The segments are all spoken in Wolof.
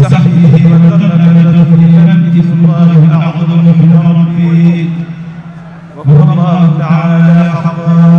وصحبه وسلم بحمده الله أعظم من ربي وهو الله تعالى حقا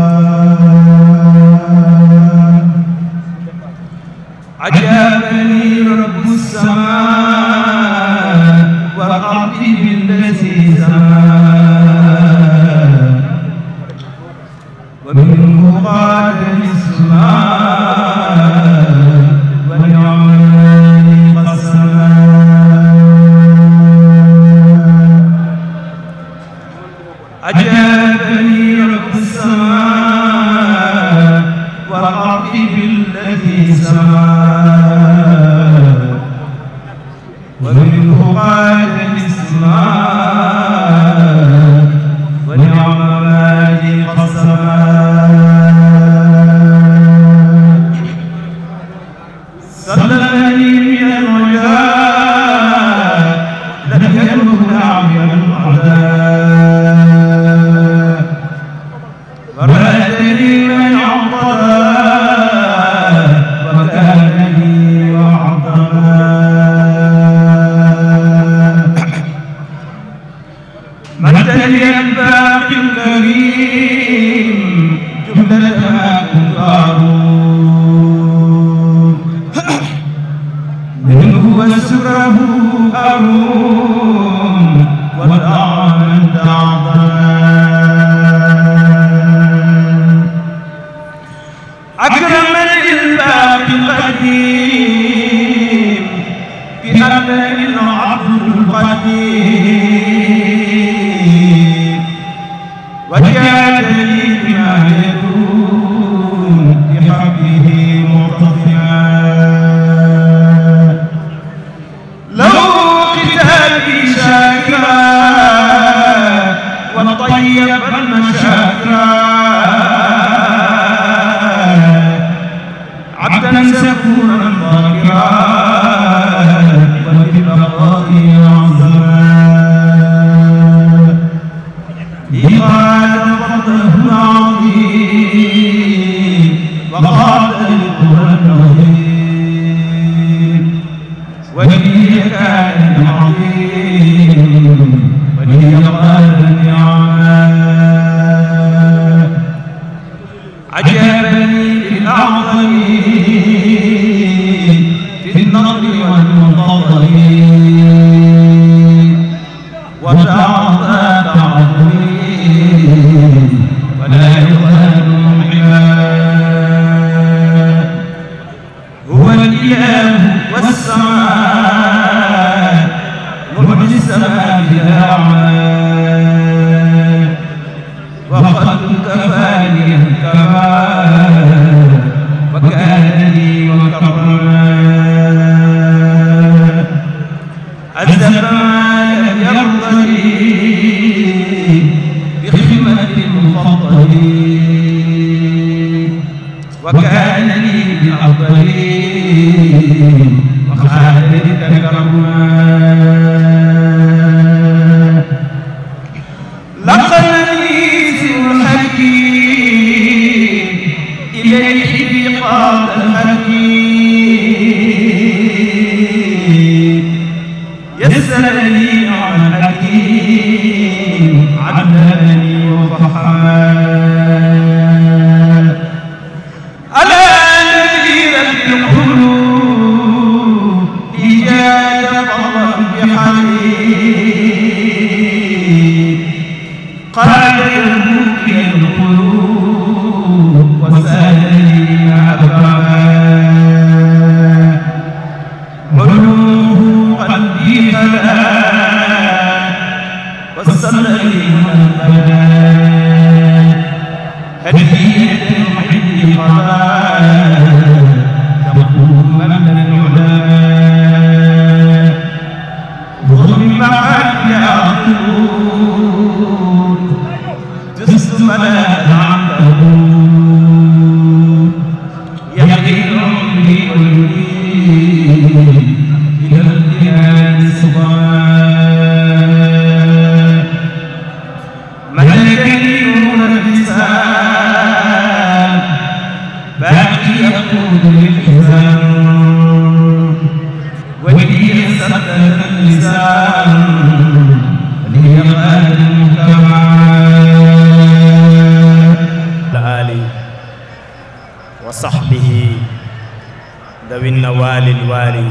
ذوي النوال الوالي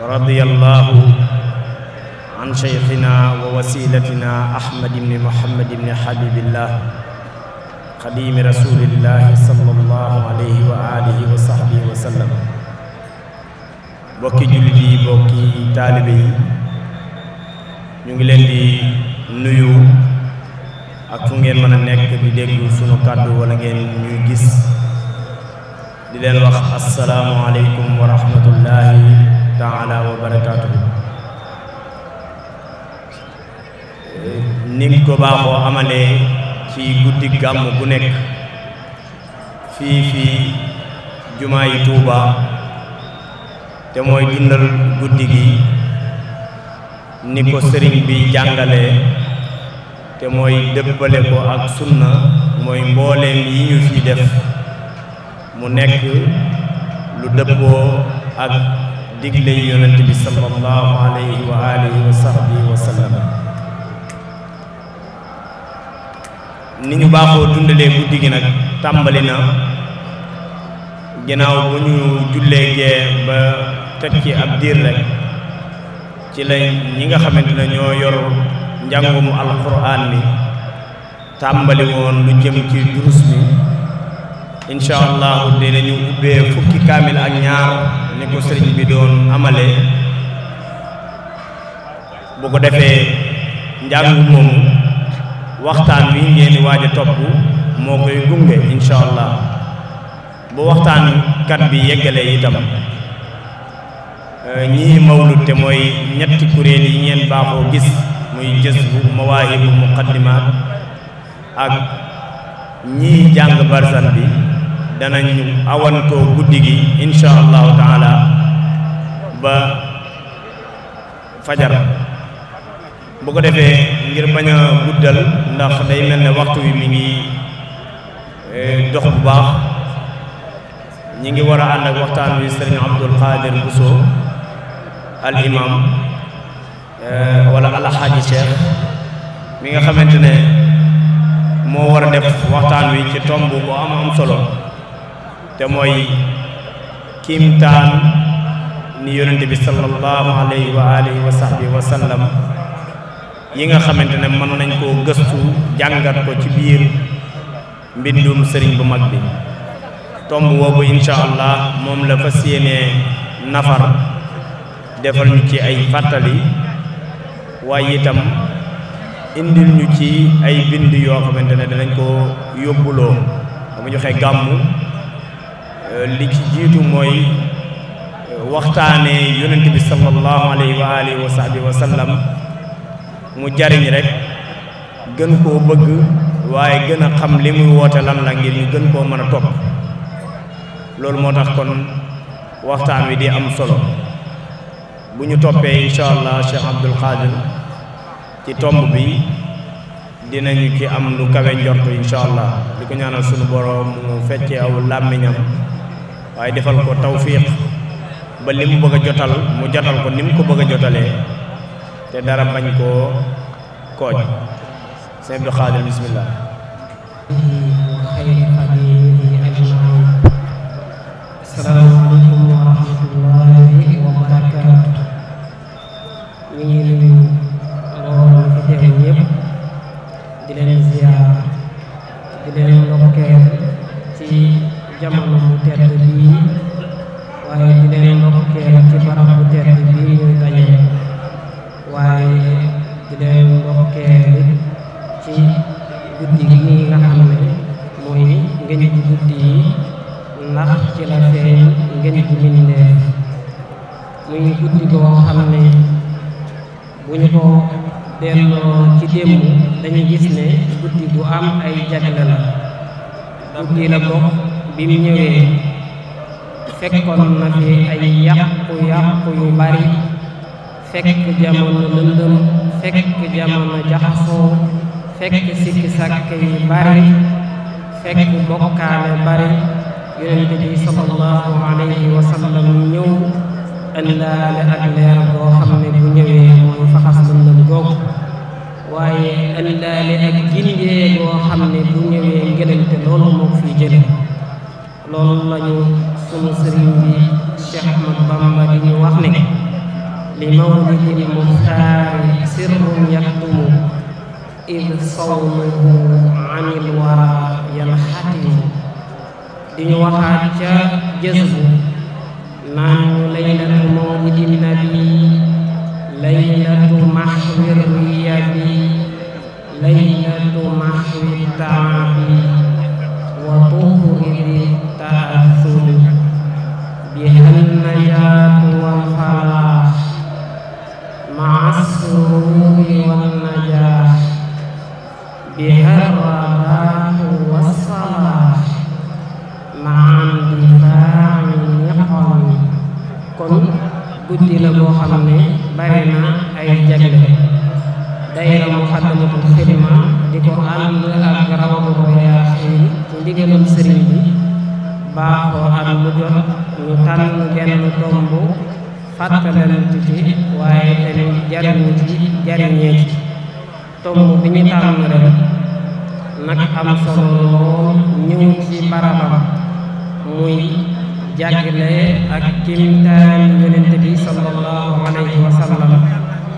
ورضي الله عن شيخنا ووسيلتنا أحمد بن محمد بن حبيب الله قديم رسول الله صلى الله عليه وآله وصحبه وسلم bokki jullit yi bokki taalibe yi ñu ngi leen di nuyu ak fu ngeen mën a nekk di déglu sunu kàddu wala ngeen ñuy gis di leen wax asalaamualeykum wa rahmatullahi taala wa barakaatuhu ni nga ko amalee ci guddi gàmm gu nekk jumaa yi Tuuba te mooy dundal guddi gi ni ko sëriñ bi jàngalee te mooy dëppale ko ak sunna mooy mbooleem yi ñu fi def mu nekk lu dëppoo ak digle yonent bi sallallahu alayhi wa alihi wa sahbihi wa sallam ni ñu baaxoo dundalee guddi gi nag tàmbali na ginnaaw bu ñu jullee gee ba teg ci ab diir rek ci la ñi nga xamante ne ñoo yor njàngumu alquran bi tàmbali woon lu jëm ci durus bi incha allahu dinañu ubbee fukki kaamil ak ñaar ni ko sëriñ bi doon amale bu ko defee njàng moomu waxtaan wi ngeen waaj a topp moo koy gunge incha allah bu waxtaan kat bi yeggalee itam eh, ñii mawlud te mooy ñetti kuréel yi ngeen baaxoo gis muy jës bu mawaahibu muqaddimaat ak ñii jàng barsan bi danañ awantoo guddi gi insha allahu taala ba fajar bu ko defee ngir bañ a guddal ndax day mel ne waxtu wi mi ngi eh, dox bu baax ñi ngi war a ànd ak waxtaan wi sëriñ Abdul Qadir Bousso al imam eh, wala alxaaji Cheikh nga xamante ne moo war a def waxtaan wi ci tomb bu am am solo te mooy kiimtaan ni yonente bi sallallahu alayhi wa alihi wa sahbihi wa sallam yi nga xamante ne mën nañ koo gëstu jàngat ko ci biir mbindum sëriñ bu mag bi tomb boobu incha allah moom la fas yéenee nafar defal ñu ci ay fàttali waaye itam indil ñu ci ay bind yoo xamante ne danañ ko yóbbuloo bu ñu xee gàmmu Euh, li ci jiitu mooy euh, waxtaane yonent bi sallallahu alayhi wa alihi wa mu jariñ rek gën koo bëgg waaye gën a xam li muy woote lan la ngir ñu gën koo mën a topp loolu moo tax kon waxtaan wi di am solo bu ñu toppee incha allah Cheikh Abdul Qadir ci tomb bi dinañu ci am lu kawe njort incha allah di ko ñaanal sunu borom mu feccee aw làmmiñam waaye defal ko tawfiq ba li mu bëgg jotal mu jotal ko ni mu ko bëgg a jotalee te dara bañ koo kooj sëñ Abdou Khadir bismillah asalaamaaleykum wa rahmatullahi wa barakaatu ñu ngi di leen ziar di leen ndokkeel ci jamono bu tedd bii waaye di leen ndokkeel ci barab bu tedd bii ñuy daje waaye di leen ndokkeel ci guddi gi nga xam ne mooy ngeen guddi yi ndax ci la feeñ ngeen ji mbindeef muy guddi goo xam ne bu ñu ko delloo ci démb dañu gis ne guddi bu am ay jagle la guddi la bi mu ñëwee fekkoon na fi ay yàqu-yàqu yu bari fekk jamono lëndëm fekk jamono jaxasoo fekk sikki sàkk yi bari fekk bokkaale bari yonent bi sallallahu alayhi wa sallam ñëw indaale ak leer boo xam ne bu ñëwee mooy faxas lëndëm googu waaye indaale ak gindee boo xam ne bu ñëwee ngënante loolu moo ko fiy loolu lañu sunu sëriñ bi Cheikh Ahmad Bamba di ñu wax ne li mawlidil muxtaari sirrun yaxdumu id sawmuhu anil wara yalxatimu di ñu waxaat ca jës bu naan ñu laylatu nabi laylatu maxwir riya bi laylatu maxwi ya kimtaan yonent bi sallallahu alayhi wa sallam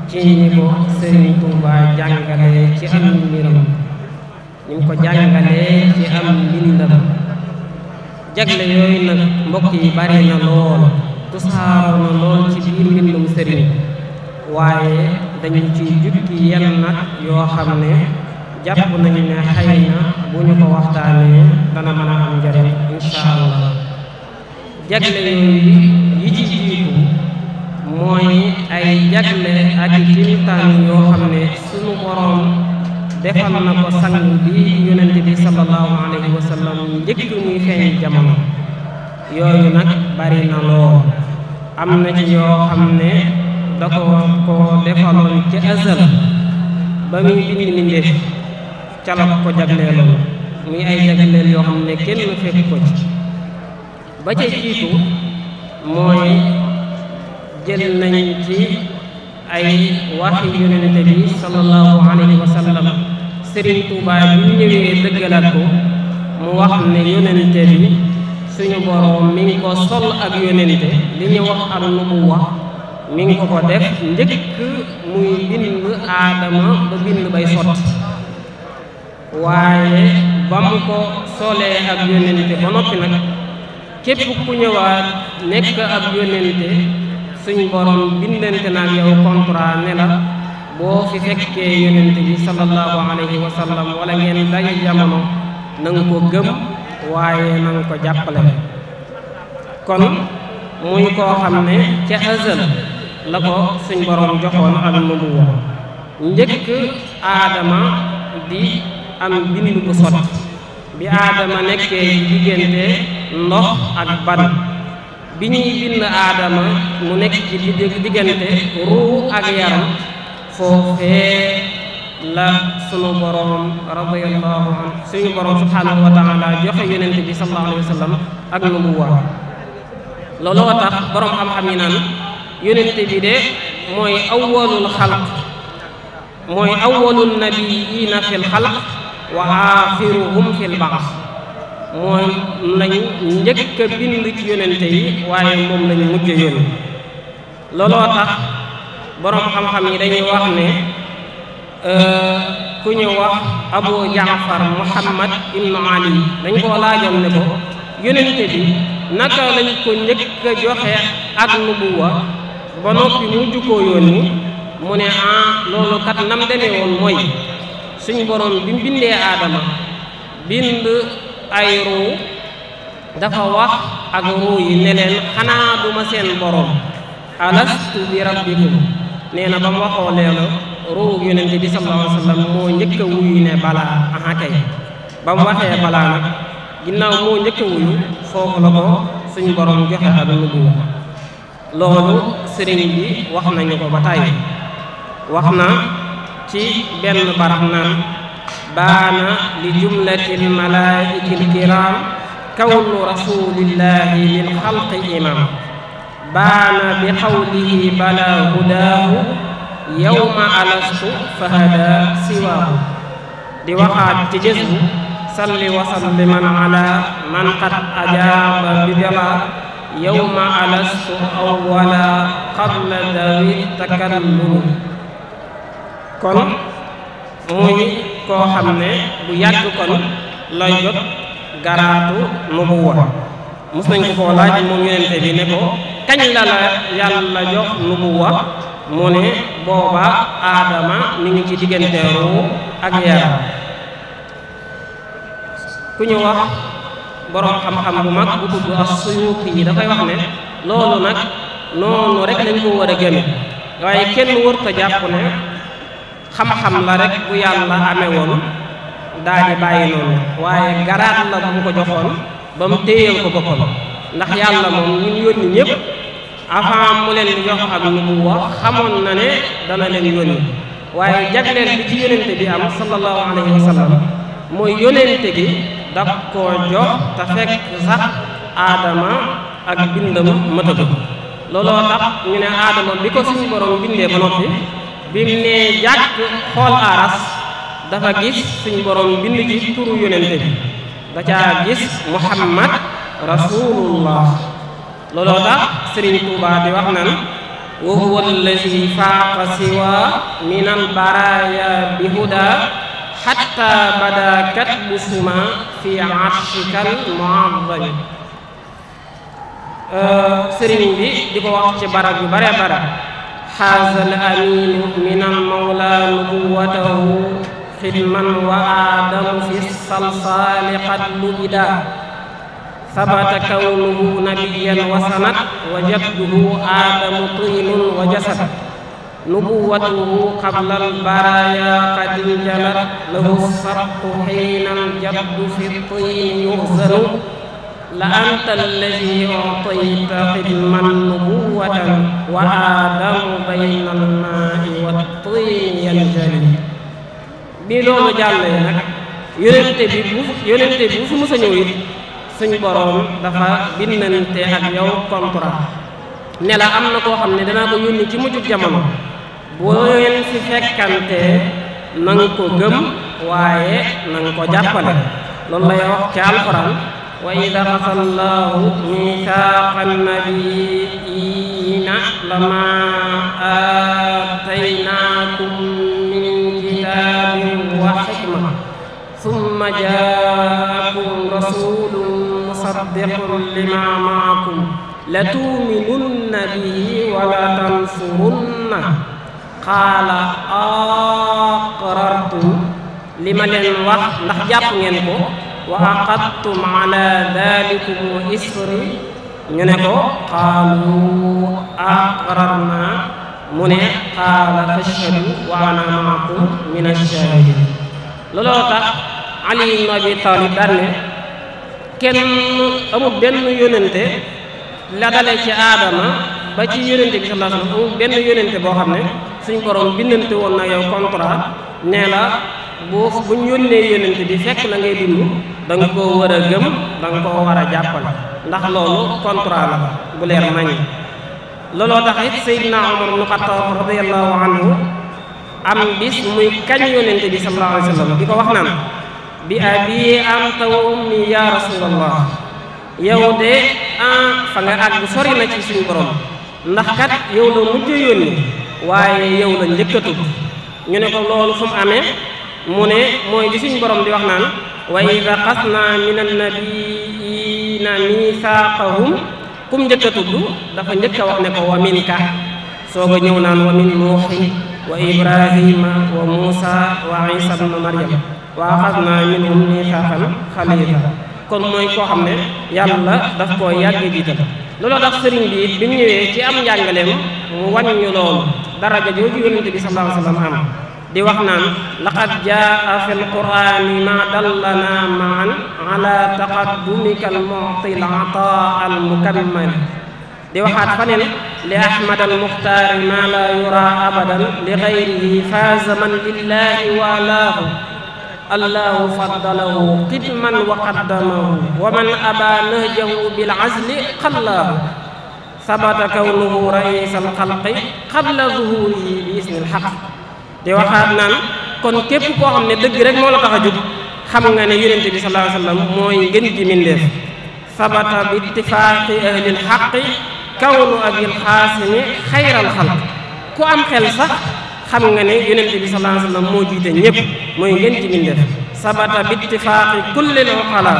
ci ñi ko Sëriñ Tuuba jàngale ci am mbiram ñi jagle yooyu nag mbokk yi bare na lool tusaaru na lool ci biir mbindum sëriñ waaye dañu ci jukki yenn nag yoo xam ne jàpp nañu ne xëy na bu ñu ko waxtaanee dana mën a am njëriñ incha allah jagle yooyu yi ci jiitu mooy ay jagle ak i kimtaan yoo xam ne sunu boroom defal na ko sang bi yonent bi sallallahu alayhi wa njëkk muy feeñ jamono yooyu nag bari na lool am na ci yoo xam ne da ko ko defaloon ci azal ba muy bind mbindéef ca la ko jagleeloon muy ay jagleel yoo xam ne kenn fekk ko ci ba ca jiitu mooy jël nañ ci ay waxi yonente bi sallallahu alayhi wa sallam Serigne Touba ñëwee dëggalaat ko mu wax ne yonente bi suñu boroom mi ngi ko sol ak yonente li ñu wax ak nu mu wax mi ngi ko ko def njëkk muy bind aadama ba bind bay sotti waaye ba mu ko solee ak yonente ba noppi nag képp ku ñëwaat nekk ab yónnente suñ borom bindante naag yow contrat ne la boo fi fekkee yónnente bi sallallahu alayhi wa sallam wala ngeen daje ko gëm waaye na nga ko jàppale kon muy koo xam ne ca azal la ko suñ borom joxoon ak nubuwa njëkk aadama di am bind bu sot bi aadama nekkee diggante ndox ak ban bi ñuy bind aadama mu nekk ci diggante ruu ak yaram foofee la sunu boroom radiyallahu an suñu boroom subhaanahu wa joxe yonent bi sallallahu alayhi wa sallam ak nubuwa looloo tax boroom xam-xam yi naan yonent bi de mooy awwalul xalq mooy awwalul nabiyyiina fil xalq wa aaxiruhum fil baas mooy lañu njëkk a bind ci yonente yi waaye moom lañu mujj a yónni looloo tax boroom xam-xam yi dañuy wax ne euh, ku ñu wax abu jaafar muhammad ibnu ali dañ koo laajoon ne ko yonente bi naka lañ ko njëkk a joxe ak nubuwa ba noppi mujj koo yónni mu ne ah loolu kat nam demee woon mooy suñ borom bi mu bindee aadama bind ay ruu dafa wax ak ruu yi ne leen xanaa duma seen borom alastu bi nee na ba mu waxoo leelu ruu yonent bi sallallahu alayhi wa sallam moo njëkk ne balaa aha kay ba mu nag ginnaaw moo njëkk a wuyu foofu la ko suñ borom joxe ak nubuwa loolu sëriñ bi wax nañu ko ba tàyyi wax na ci benn barab naan baana li jumlatil malaa'ikil kiraam kawnu rasuulillaahi lil xalqi imaam baana bi qawlihi balaa hudaahu yawma alastu fahadaa siwaahu di waxaat ci jës bu salli wa salliman alaa man qad ajaaba bi jalaa yawma alastu awwala qabla dawi takallum kon muy koo xam ne bu yàgg kon lay jot garaatu nubuwa mos nañ ko koo laaj moom yonente bi ne ko kañ la la yàlla jox mu ne booba aadama mi ngi ci diggante ruu ak yaram ku ñu wax borom xam-xam bu mag bu tudd as-Suyuuti yi dafay wax ne loolu nag noonu rek lañ ko war a gëme waaye kenn wërta jàpp ne xam-xam la rek bu yàlla amee woon daa di bàyyi noonu waaye garaat la bu mu ko joxoon ba mu téyeel ko boppam ndax yàlla moom ñu yónni ñëpp avant mu leen di jox ak nu mu wax xamoon na ne dana leen yónni waaye jagleel bi bi am sallallahu alayhi wa sallam mooy yónente gi daf koo jox te fekk sax aadama ak bindam mëtatu looloo tax ñu ne aadama bi ko suñu borom bindee ba noppi bi mu jàkk xool aaras dafa gis suñ borom bind ci turu yonente bi da caa gis muhammad rasulullah looloo tax sëriñ tuuba wax nan wa huwa allazi faaqa siwa min albaraya bi huda xatta bada katbu suma fi arshikal muazzami euh, sëriñ bi di ko wax ci barab yu bare bara xaasal aminu minal mawla nubuwatahu xidman wa aadamu fi salsaali qad lubida sabata kawnuhu nabiyan wa sanat wa jadduhu aadamu tiinun wa jasad nubuwatuhu qabla albaraaya qad injalat lahu sabtu xiinan jaddu fi tiini yuxzanu la anta alladi utayta xidman nubuwatan wa aadamu bayna almaai wa tin yanjali bi loolu jàllee nag yónente bi bu yónente bi bu fi mës it suñ boroom dafa bindante ak yow contrat ne la am na koo xam ne danaa ko yónni ci mujjub jamono boo leen fi fekkante na ko gëm waaye na ko jàppale loolu lay wax ci alxuraan وإذا أخذ الله ميثاق النبيين لما آتيناكم من كتاب وحكمة ثم جاءكم رسول مصدق لما معكم لتؤمنن به ولتنصرنه قال أقررتم li ma leen wax ndax jàpp ngeen ko wa aqadtum ala dalikum isri ñu ne ko qaalu aqrarna mu ne qaala fashhadu wa ana maakum min ash-shahidin looloo tax ali abi talib daan kenn amul benn yónente la dale ci aadama ba ci yónente bi sallallahu alayhi benn yónente boo xam ne suñ borom bindante woon na yow contrat nee la boo bu ñu yónnee yonent bi fekk la ngay dund da nga koo war a gëm danga nga war a jàppal ndax loolu contrat la bu leer naññ looloo tax it Seydina Omar ibn Khattab radiyallahu anhu am bis muy kañ yonent bi sallallahu alayhi wa sallam di ko wax naan bi abi anta wa ummi ya rasulallah yow de ah fa nga àgg sori na ci suñu borom ndax kat yow la mujj yónni waaye yow la njëkkatu ñu ne ko loolu fu mu amee mu ne mooy li suñ borom di wax naan wa ida xasna min annabiyina misaaqahum kum njëkk tudd dafa njëkk wax ne ko wa minka soog ñëw naan wa min nuuxin wa ibrahima wa muusa wa isa bnu maryam wa axasna minhum misaaqan xaliila kon mooy koo xam ne yàlla daf koo yàgg jiital looloo tax sëriñ bi bi mu ñëwee ci am njàngaleem mu wàññu loolu daraja jooju yonente bi sallallahu alayhi am di wax naan laqad jaa fi alqurani ma dallana maan ala taqaddumika almuti alataa almukammal di waxaat faneen li ahmad almuxtaari ma la yura abadan li gayrihi faaza man lillahi walaahu allahu faddalahu qidman wa qaddamahu wa man aba nahjahu bil azli xallaahu sabata kawnuhu raïs alxalqi qabla zuhurihi bi isni alxaq di waxaat naan kon képp koo xam ne dëgg rek moo la tax a jub xam nga ne yonente bi sallallahu alayhi wa sallam mooy ngën ji mindeef sabata bi ittifaaqi ahlil xaqi kawnu abil xayral xalq ku am xel sax xam nga ne yonente bi sallallahu moo jiite ñépp mooy ngën ji mindeef sabata bi ittifaaqi kullil uqala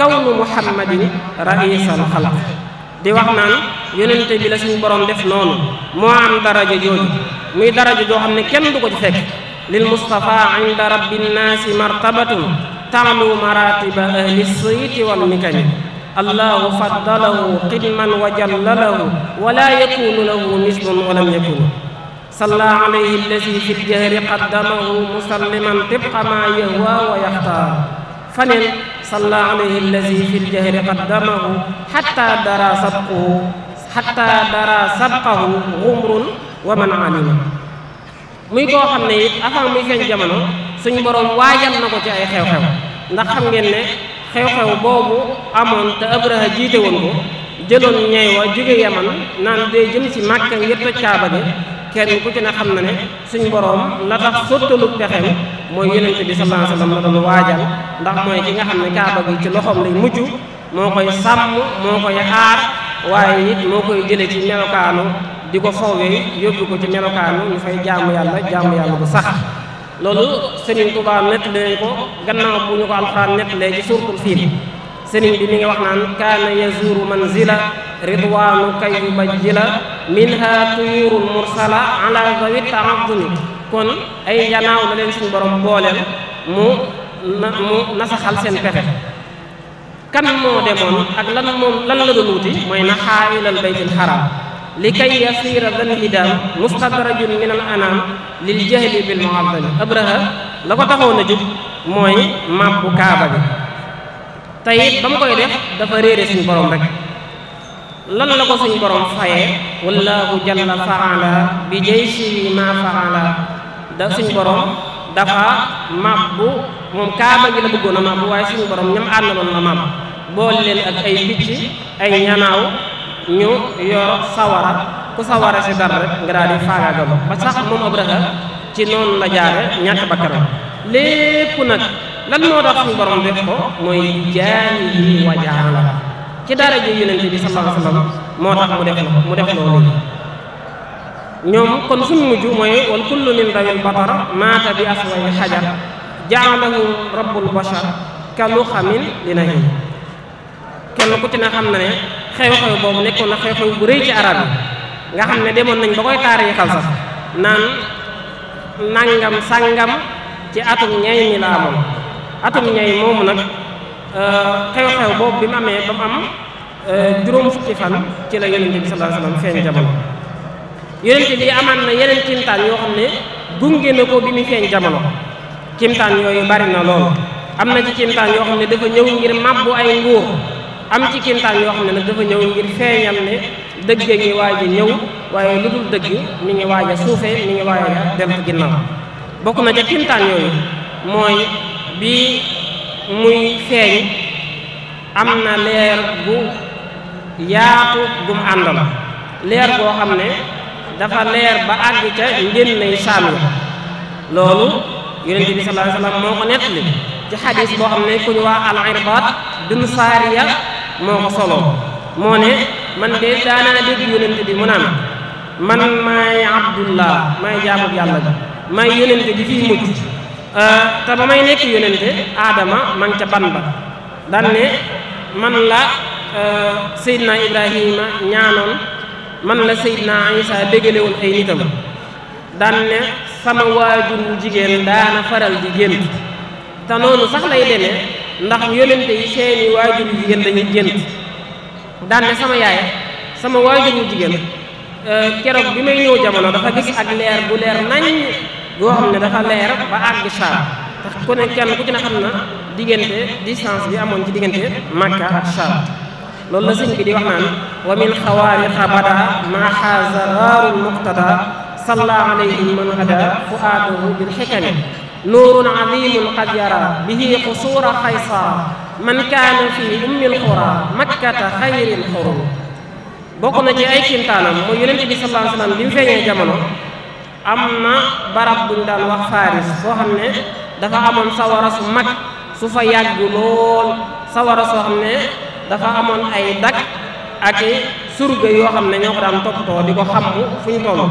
kawnu muhammadin raisal xalq di wax naan yonente bi la suñu borom def noonu moo am daraja jooju muy daraja joo xam ne kenn du ci fekk lil mustafa inda rabbi nnaasi martabatun taalu maratiba ahli siiti wal mikani allahu faddalahu qidman wa jallalahu la yakunu lahu mislun walam yakun salla alayhi alladi fi ljahri qaddamahu musalliman tibqa ma yahwa wa yaxtaar faneen صلى عليه الذي في الجهر قدمه حتى درى سبقه dara درى سبقه غمر ومن علمه muy koo xam ne it avant muy feeñ jamono suñu borom waajal na ko ci ay xew-xew ndax xam ngeen ne xew-xew boobu amoon te Abraha jiite woon ko jëloon ñey wa jóge yaman naan dee jëm si Màkka ngir toj Kaaba kenn ku ci ne xam na ne suñ boroom la tax sottalu pexem mooy yonent bi sallallahu alayhi wasallam la doon waajal ndax mooy ki nga xam ne kaaba gi ci loxoom lay mujj moo koy sàmm moo koy aar waaye it moo koy jële ci melokaanu di ko foowee yóbbu ko ci melokaanu ñu fay jaamu yàlla jaamu yàlla bu sax loolu Sëriñ Tuubaa nettalee ko gannaaw bu ñu ko alxuraan nettalee ci suuratul Fiil sëriñ bi mi ngi wax naan kaana yazuru manzila ridwaanu kay yubajjila minha tuyurul mursala ala zawit taazumi kon ay yanaaw la leen suñu borom booleel mu na nasaxal seen pexe kan moo demoon ak lan moom lan la doon wuti mooy na xaayilal baytil xaram li kay yasiira dan hidaam mustadrajun min al anaam lil jahli bil muhabbali abraha la ko taxoon a jub mooy màbbu kaaba bi te it ba mu koy def dafa réere suñu borom rek lan la ko suñu borom fayee wallahu la faala bi jayshi ma faala da suñu borom dafa mabbu moom kaaba gi la bëggoon a mabbu waaye suñu borom ñam àndaloon la mabbu boole leen ak ay picc ay ñanaaw ñu yor sawara ku sawara si dara rek nga daal di faagaagam ba sax moom Abraha ci noonu la jaare ñàkk bakkanam lépp nag lan moo tax suñu borom def ko mooy jaani yi wajaala ci daraja yonente bi sallallahu alayhi moo tax mu def mu def loolu ñoom kon suñ mujj mooy wal kullu min dawil batar maata bi asway xajar jaalahu rabbul bashar kalu xamin dina hin kenn ku ci na xam na ne xew-xew boobu nekkoon na xew-xew bu rëy ci arab yi nga xam ne demoon nañ ba koy taar taarixal sax naan nangam sàngam ci atum ñay mi la amoon atum ñay moomu nag euh, xew-xew boobu bi mu amee ba mu am euh, juróom fukki fan ci la yonente bi sallallahu alayhi wasallam feeñ jamono yonente bi amaan na yeneen kimtaan yoo xam ne gunge na ko bi mu feeñ jamono kimtaan yooyu bari na lool am na ci kimtaan yoo xam ne dafa ñëw ngir mabbu ay nguur am ci kimtaan yoo xam ne nag dafa ñëw ngir feeñal ne dëgg ngi waaj ñëw waaye lu dul dëgg mi ngi waaj a suufe mi ngi waaj a dem ginnaaw bokk na ca kimtaan yooyu mooy bi muy feeñ am na leer bu yaatu gum àndal leer boo xam ne dafa leer ba àgg ca ngén nay saam ya loolu yonente bi sallallahu alayhi wasallam moo ko nettali ci xadis boo xam ne ku ñu waa al-Irbaad bin Saariya moo ko soloo moo ne man de daanaa dégg yonente bi mu naan man maay abdullah maay jaamub yàlla bi maay yonente bi fii mujj Euh, te ba may nekk yónente aadama ma ca ban ba daan ne man la euh, Seydina Ibrahima ñaanoon man la Seydina Isa bégale woon ay nitam daan ne sama waajur wu jigéen daana faral di gént te noonu ndax yónente yi seeni waajur wu jigéen dañuy gént daan ne sama yaay sama waajur wu jigéen euh, keroog bi may ñëw jamono dafa gis ak leer bu leer nañ goo xam ne dafa leer ba àgg Saam tax ku ne kenn ku ci ne xam na diggante distance bi amoon ci diggante Makka ak Saam loolu la sëñ bi di wax naan wa min xawaariqa bada maa xaaza raarul muqtada salla alayhi man hada fuaaduhu bil xikami nuurun azimun qad yara bihi qusuura xaysara man kaana fi ummil xura makkata xayril xurum bokk na ci ay kimtaanam mooy yonente bi sallallahu bi mu feeñee jamono am na barab buñ daan wax faaris boo xam ne dafa amoon sawara su mag su fa yàgg lool sawara soo xam ne dafa amoon ay dak ak surga yoo xam ne ñoo ko daan toppatoo di ko xamu fu ñu toll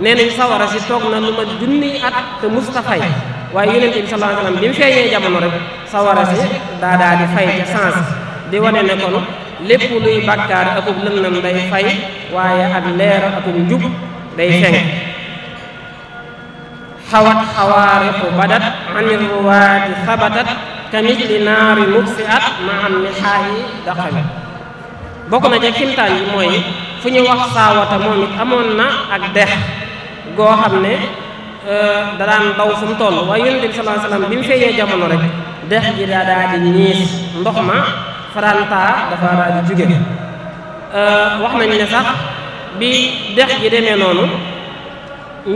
nee nañ sawara si toog na lu ma junniy at te mustafay waaye yonent bi sallallahu alayhi bi mu feeñee jamono rek sawara si daa daa di fay ca sens di wane ne kon lépp luy bàkkaar akub lëndëm day fay waaye ak leer akub njub day fenk xawat xawaariqu badat anil ruwaati sabatat kamithli naari mubsiat ma am mihaayi daqawi bokk na ca kimtaan yi mooy fu ñu wax saa moom it amoon na ak dex goo xam ne euh, da daan daw fu mu toll waaye yonent bi sallallahu alayhi bi mu feeñee jamono rek dex gi daa daa ndox ma faranta dafa daa di euh, wax nañ ne sax bi dex gi demee noonu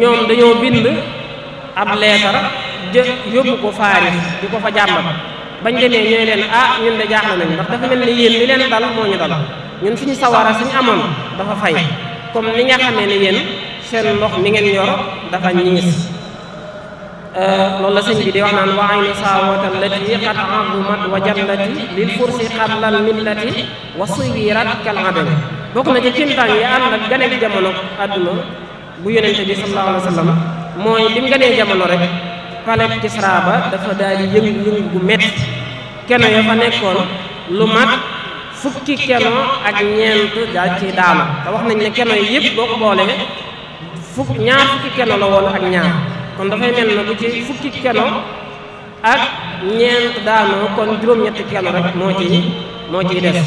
ñoom dañoo bind ab leetar jë yóbbu ko faaris di ko fa jàmbat bañ demee ñooy leen ah ñun de jaaxle nañu ndax dafa mel ni yéen li leen dal moo ñu dal ñun suñu sawara suñu amoon dafa fay comme ni nga xamee ne yéen seen ndox mi ngeen yor dafa ñiis euh, loolu la sëñ bi di wax naan wa aynu saawatan lati qad azumat wa jallati lil fursi xablal millati wa suwirat kal adam bokk na ci kimtaan yi ànd ak ganek jamono àdduna bu yonente bi sallallahu alayhi wa sallam mooy bi mu gënee jamono rek palais Kisra ba dafa daal di yëngu yëngu bu mett keno ya fa nekkoon lu mat fukki keno ak ñeent daal ci daanu te wax nañ ne keno yi yëpp boo ko boolee fukk ñaar fukki keno la woon ak ñaar kon dafay mel na bu ci fukki keno ak ñeent daanoo kon juróom-ñetti keno rek moo ci moo ciy def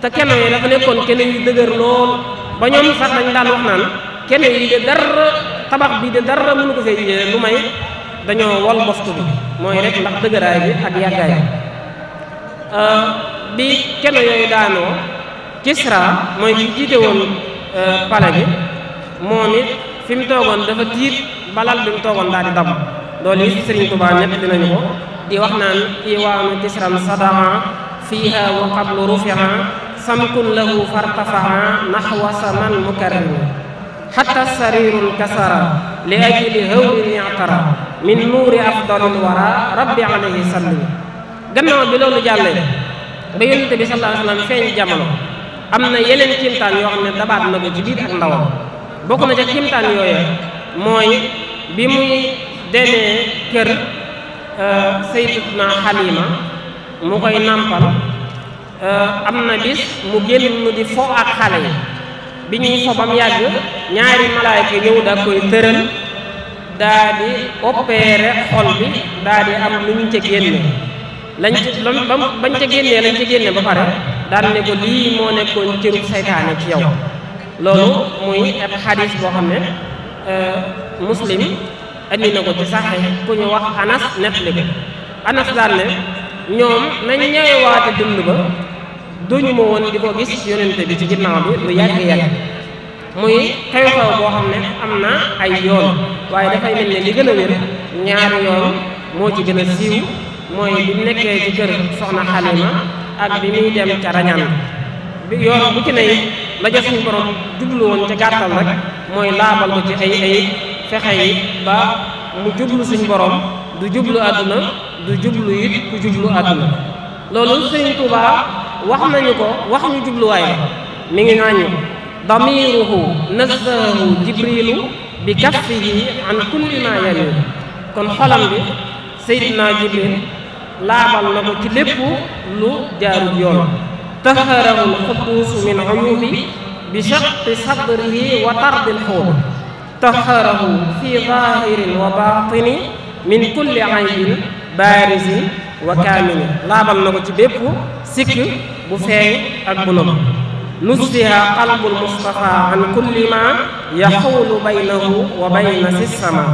te keno yi dafa nekkoon keno yi dëgër lool ba ñoom sax dañ daan wax naan keno yi de dara tabax bii de dara mënu ko fee jugee lu may dañoo wol boftu bi mooy rek ndax dëgëraay bi ak yàggaay bi keno yooyu daanoo Kisra mooy jiite woon euh, pale bi moom it fi mu toogoon dafa tiit balal bi mu toogoon daa di dab loolu yi Sëriñ Tuubaa ñett dinañu ko di wax naan iwaanu kisran sadaa fiiha wa qablu rufiha samkun lahu fartafaha naxwa saman mukarrimi حتى السرير انكسر لأجل هول يعترى من نور أفضل الورى ربي عليه سلم gannaaw bi loolu jàllee ba yonent bi sallallahu alayhi wa sallam feeñ jamono am na yeneen kiimtaan yoo xam ne dabaat na ko ci ak ndawam bokk na ca kiimtaan mooy bi muy demee kër euh, sayyidatuna Xalima mu koy nàmpal euh, am na bis mu génn di fo ak xale yi bi ñuy fa bam yàgg ñaari malaayka ñëw da koy tëral daa di opéré bi daa di am lu ñu ca génne lañ lan bañ ca génnee lañ ca génne ba pare daan ne ko lii moo nekkoon cëru seytaane ci yow loolu muy ab xadis boo xam ne euh, muslim andi na ko ci saxe ku ñu wax anas nettali ko anas daan ne ñoom nañ ñëwee dund ba doñu ma woon di ko gis yonent bi ci ginnaaw bi lu yàgg yàgg muy xew-xew boo xam ne am na ay yoon waaye dafay mel ne li gën a wér ñaari yoon moo ci gën a siiw mooy bi nekk nekkee ci kër soxna Xalima ak bi muy dem ca rañaan bi yoon bu ci ne la jox suñu borom jublu woon ca gàttal rek mooy laabal ko ci ay ay fexe yi ba mu jublu suñu borom du jublu àdduna du jublu it ku jublu àdduna loolu Sëriñ Tuubaa wax nañu ko wax ñu jubluwaay la mi ngi ŋàññu damiruhu nazzahu jibrilu bi kaffihi an kulli ma kon xolam bi na jibril laabal na ko ci lépp lu jaarut yoon taharahu lxuduus min umubi bi shaqi sadrihi wa tardi lxuud taharahu fi zahirin wa batini min kulli aybin baarisin wa kaamini laabal na ko ci bépp sikk bu feeñ ak bu nëbb nuzziha qalbul mustafa an kulli ma yaxuulu baynahu wa bayna sissama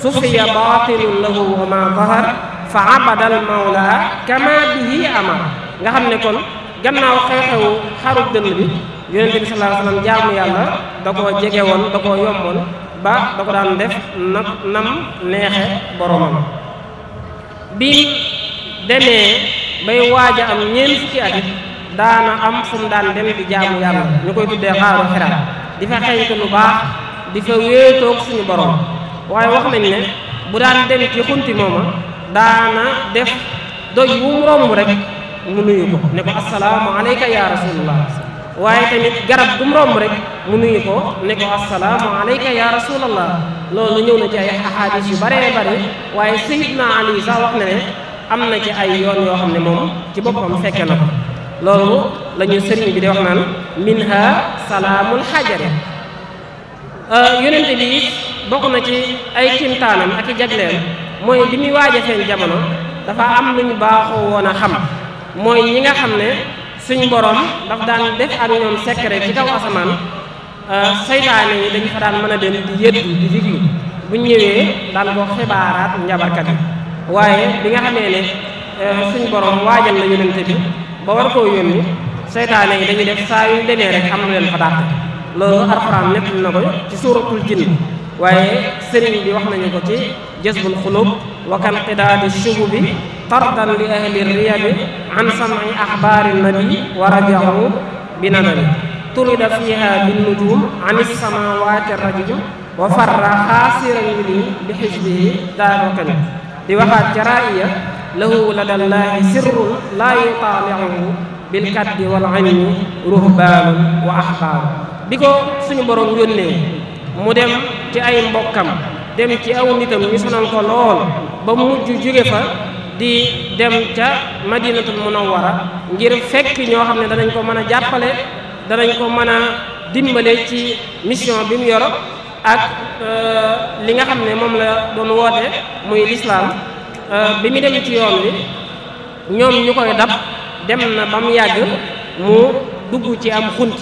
sufiya batinun lahu wa ma zahar fa abadal mawla kama bihi amar nga xam ne kon gannaaw xew-xewu xaru dënn bi yonente bi sallallahu alayhi jaamu yàlla da koo jege woon da koo yomboon ba da daan def nag nam neexe boromam bi demee bay waaja am ñeent fukki at daana am fu daan dem di jaamu yàlla ñu koy tuddee xaaru xira di fa xeeñtu lu baax di fa wéetoog suñu borom waaye wax nañ ne bu daan dem ci xunti mooma daana def doj bu mu romb rek mu nuyu ko ne ko assalaamu aleyka ya rasulullah waaye tamit garab bu mu romb rek mu nuyu ko ne ko assalaamu aleyka ya rasulallah loolu ñëw na ci ay ahadis yu bare bare waaye sayidna ali wax na ne am na ci ay yoon yoo xam ne moom ci boppam fekke na ko loolu la ñu sëriñ bi di wax naan minha salaamul xajare euh, yonente bi bokk na ci ay kimtaanam ak i jagleem mooy li muy waaja seen jamono dafa am lu ñu baaxoo woon a xam mooy ñi nga xam ne suñ boroom daf daan def ak ñoom secret ci kaw asamaan euh, seytaane yi dañu fa daan mën a dem di yëddu di diglu bu ñëwee daan ko xibaaraat njabarkat waaye bi nga xamee ne euh, suñ borom waajal na yonente bi ba war koo yónni seytaane yi dañuy def saa yu demee am lu leen fa dàq loolu alxuraan nekk na ko ci suuratul jinn waaye sëriñ bi wax nañu ko ci jazbul xulub wa kan qidaadu shuhubi tardan li ahli riyabi an sam'i axbaari nabi wa rajahu bi nanami turida fiha bin nujum an samawati rajim wa farra xaasiran yuli bi xisbihi daaru kañ di waxaat ca lahu ladallaahi sirru laa yutaaliuhu bil kaddi wal ilmi ruhbaanu wa ahbaaru bi ko suñu borom yónnee mu dem ci ay mbokkam dem ci aw nitam ñu sonal ko lool ba mujj jóge fa di dem ca madinatul munawwara ngir fekk ñoo xam ne danañ ko mën a jàppale danañ ko mën a dimbale ci mission bi mu yor ak euh, li nga xam ne moom la doon woote muy lislaam Euh, bi mu dem ci yoon wi ñoom ñu koy dab dem na ba yàgg mu dugg ci am xunt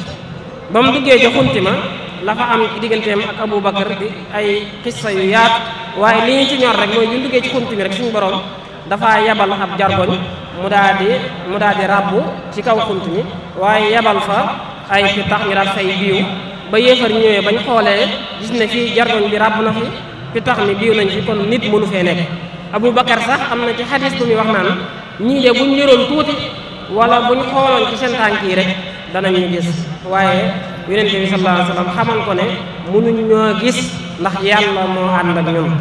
ba mu duggee ci xunti ma lafa am ci digganteem ak Abu Bakar bi ay xissa yu yaat waaye li ñu ci ñor rek mooy ñu duggee ci xunti mi rek suñu borom dafa yabal ab jargoñ mu daal di mu daal di ràbbu ci kaw xunt mi waaye yabal fa ay fi tax ñu daal fay biiw ba yéefar ñëwee bañ xoolee gis ne fii jargoñ bi ràbb na fi fi tax mi biiw nañ fi kon nit mënu fee nekk Aboubacar sax am na ci xadis bu wax naan ñii de buñ niroon tuuti wala buñ xooloon ci seen tànk yi rek danañ ñu gis waaye yonente bi sallallahu alayhi wasallam xamal ko ne mënuñ ñoo gis ndax yàlla moo ànd ak ñoom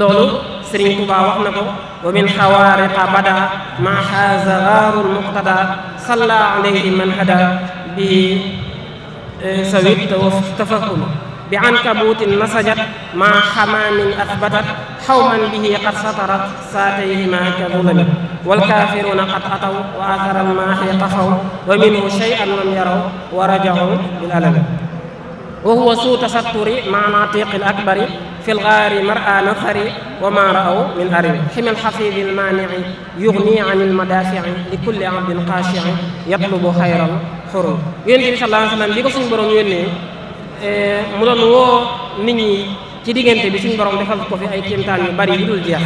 loolu Sëriñ Tuubaa wax na ko wa min xawaariqa bada ma xaazaraarul muqtada salla alayhi man hada bi eh, sawit tafahum bi ankabuutin nasajat maa xamaamin athbatat xawman bihi qad satarat saatayhima ka zulami wal kaafiruuna qad ataw wa atharal maahi tafaw wa minhu shay'an lam yaraw wa rajacu bil alami wa huwa suu tasatturi maa naatiqil akbari fi lgaari mar'a nathari wa maa ra'aw min arimi ximil xafiidi lmaanici yugni an ilmadaafici li kulli abdin qaashici yatlubu xayral xurum yonent bi sallallahu alayhi wa sallam li ko suñu borom yónnee Eh, mu doon woo nit ñi ci diggante bi suñu borom defal ko fi ay kéemtaan yu bari yu dul jeex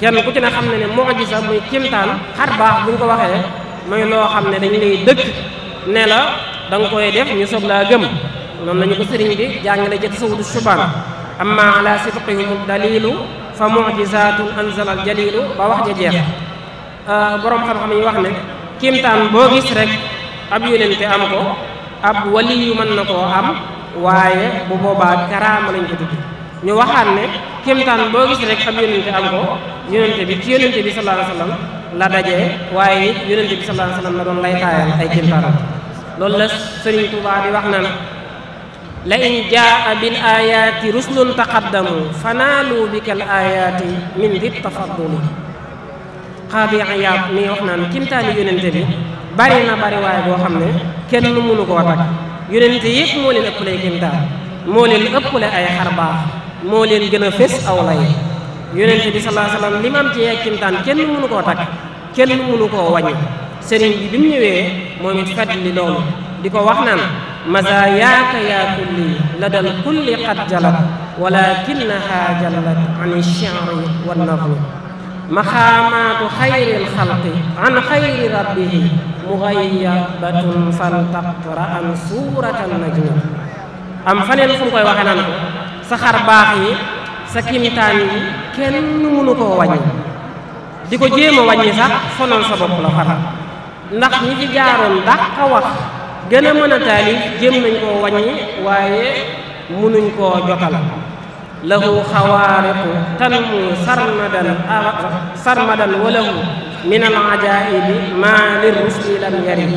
kenn ku ci ne xam ne ne mu'jiza muy kéemtaan xar baax bu ñu ko waxee mooy loo xam ne dañu lay dëkk ne la da nga koy def ñu soog laa gëm noonu nañu ko sëriñ bi jàngale ci tasawudu subaan amma ala sidqihum dalilu fa mu'jizatun anzala al jalilu ba wax ja jeex eh, borom xam-xam yi wax ne kéemtaan boo gis rek ab yonente am ko ab waliyu mën na koo am waaye bu boobaa karaama lañ ko tuddi ñu waxaat ne kéemtaan boo gis rek ab yónente am ko yónente bi ci yónente bi sallallahu alayhi wa la dajee waaye it yónente bi sallallahu alayhi la doon lay taayal ay kéemtaanam loolu la sëriñ Tuubaa bi wax naan la in jaa bil ayaati rusulun taqaddamu fanaalu bika al ayaati min di tafadduli xaadi ayaat mi wax naan kéemtaani yónente bi bari na bari waaye boo xam ne kenn mënu koo takk yonent yëpp moo leen ëpp lay kéemtaan moo leen ëppale ay xarbaax moo leen gën a fés aw lay yonent bi salaa salaam li mu am ci ay kéemtaan kenn mënu koo takk kenn mënu koo wàññi sëriñ bi bi mu ñëwee moom it fàttali loolu di ko wax naan mazaayaaka yaa kulli ladal kulli qad jalat walakinnaha jalat an ash-sha'ri wan-nazmi maxaamaatu xayril xalqi an xayri rabbihi muxayyabatun faltaqra an suuratan najmi am faneen fu mu koy waxe nan ko baax yi sa kimtaan yi kenn mënu koo wàññi di ko jéem a wàññi sax sonal sa bopp la far ndax ñi ci jaaroon dàq wax gën a mën a taalif jéem nañ koo wàññi waaye mënuñ koo jotal lahu xawaariqu tanmu sarmadan sarmadan walahu min alajaaibi ma lirrusli lam yarid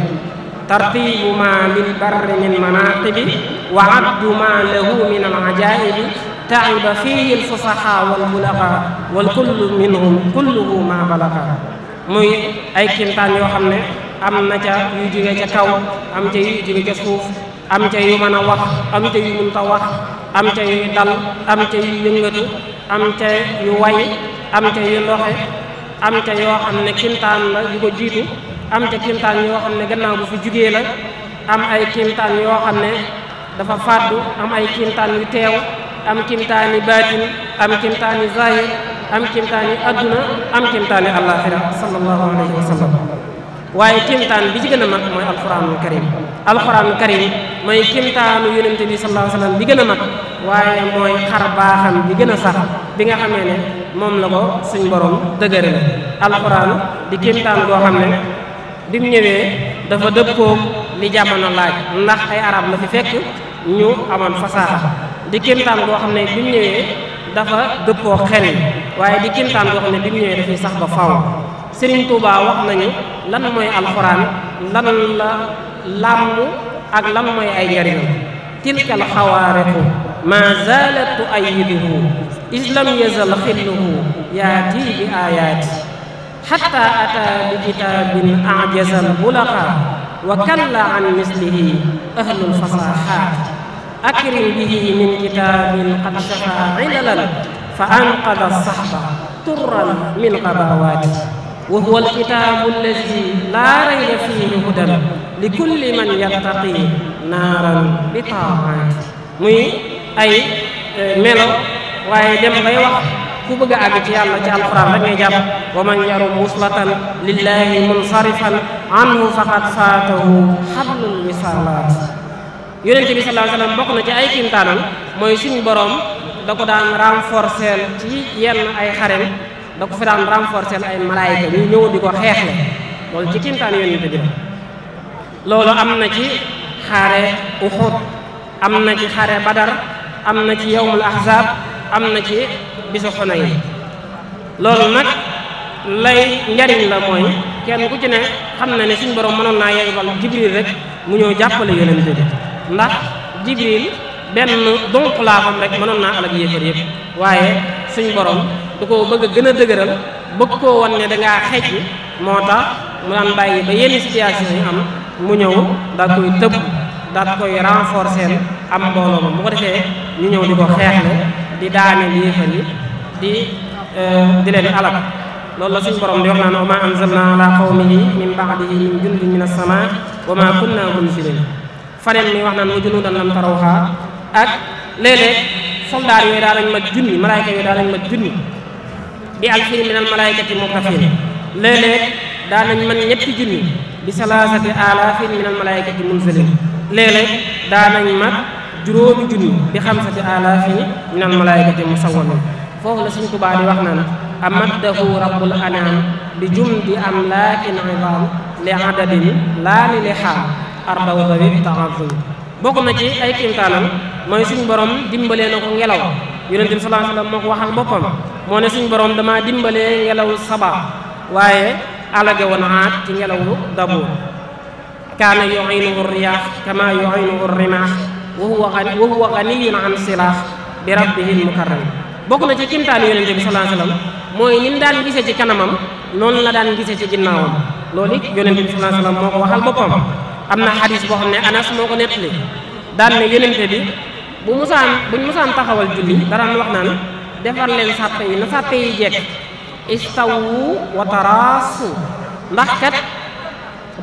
tartibu ma lilbarri min manaqibi wa addu ma lahu min alajaaibi taiba fihi alfusaha walbulaga walkullu minhum kulluhu ma balaga muy ay kintaan yoo xam ne am na ca yuy jóge ca kaw am ca yuy jóge ca suuf am ca yu mën a wax am ca yu mënta wax am ca yuy dal am ca yu yëngatu am ca yu way am ca yu loxe am ca yoo xam ne kimtaan la yu ko jiitu am ca kimtaan yoo xam ne gannaaw bu fi jugee la am ay kimtaan yoo xam ne dafa fàddu am ay kimtaan yu teew am kimtaani baatin am kimtaani zahir am kimtaani adduna am kimtaani àllaaxira sallallahu alayhi wa sallam waaye kéemtaan bi ci gën a mag mooy alxuraanul karim alxuraanul karim mooy kéemtaanu yonente bi sallallahu alayhi bi gën a mag waaye mooy xar baaxam bi gën a sax bi nga xamee ne moom la ko suñ borom dëgëre la alxuraan di kéemtaan goo xam ne bi mu ñëwee dafa dëppoo li jamono laaj ndax ay arab la fi fekk ñu amoon fasaaxa di kéemtaan goo xam ne bi mu ñëwee dafa dëppoo xel waaye di kéemtaan goo xam ne bi mu ñëwee dafay sax ba faaw. Serigne Touba wax nañu lan mooy alxuraan lan la làmb ak lan mooy ay njariñam tilkal xawaariqu ma zalat tuayiduhu is lam yazal xilluhu yaati bi ayaati xatta ata bi kitaabin ajazal bulaqa wa kalla an mislihi ahlul fasaxaat akrim bihi min kitaabin qad shafa ilalan fa anqada saxba turran min qabawaati wa huwa alkitaabu alladi laa rayba fiihi hudan li kulli man yattaqi naaran bi taaxaat muy ay eh, melo waaye dem bay wax ku bëgg a àgg ci yàlla ci alxuraan rek ngay jàpp wa man yarum muslatan lillahi munsarifan anhu faqad faatahu xablul wisalaat yonente bi sallallahu alayhi bokk na ci ay kimtaanam mooy suñu boroom da ko daan renforcer ci yenn ay xarem da ko fi daan renforcer ay malaayka ñu ñëw di ko xeexle loolu ci kiimtaan yonent bi la loolu am na ci xare Uhud am na ci xare Badar am na ci yawmul ahzab am na ci bisu Xunayn loolu nag lay njariñ la mooy kenn ku ci ne xam na ne suñ borom mënoon naa yegal Jibril rek mu ñëw jàppale yonent bi ndax Jibril benn donk laa xam rek mënoon naa alag yéefar yëpp waaye suñ borom du ko bëgg gën a dëgëral bëgg koo wan ne dangaa xeej moo tax mu daan bàyyi ba yenn situation yi am mu ñëw daal koy tëb daal koy renforcer am mbooloo ma bu ko defee ñu ñëw di ko xeexle di daaneel yéefar yi di euh, di leen alal loolu la suñu borom di wax naan wa maa anzalna ala qawmihi min ba'dihi min jundin min as-samaa wa maa kunna munzilin faneen mi wax naan wa junuudan lam tarawhaa ak léeg-léeg soldaar yooyu daal lañ mat junni malaayka yooyu daal bi alfin min almalaykati muqrafin léeg-léeg daanañ man ñetti junni bi salaasati alaafin min almalaykati munzalin léeg-léeg daanañ mat juróomi junni bi xamsati alaafin min almalaykati musawwamin foofu la suñ Tubaa di wax naan amaddahu rabbul anam bi jumdi am laakin idaam li adadin laa li lixaam ardaw dawi taazum bokk na ci ay kimtaanam mooy suñ borom dimbalee na ko ngelaw yonente bi sallallahu alayhi wasallam moo ko waxal boppam moo ne suñ borom damaa dimbalee ngelaw sabab waaye alage woon aat ci ngelawu dabuur kaana yu'inuhu riyaax kama yu'inuhu rimaax wa huwa ganiyun an silaax bi rabbihil mukarram bokk na ci kimtaan yonente bi sallallahu alayhi wasallam mooy ni mu daan gise ci kanamam noonu la daan gise ci ginnaawam loolu yonente bi sallallahu alayhi wasallam moo ko waxal boppam am na xadis boo xam ne anas moo ko nettali daan ne yonente bi bu musaan buñ musaan taxawal julli daraan wax naan defar leen sàppe yi na sàppe yi jekk istawu wa taraasu ndax kat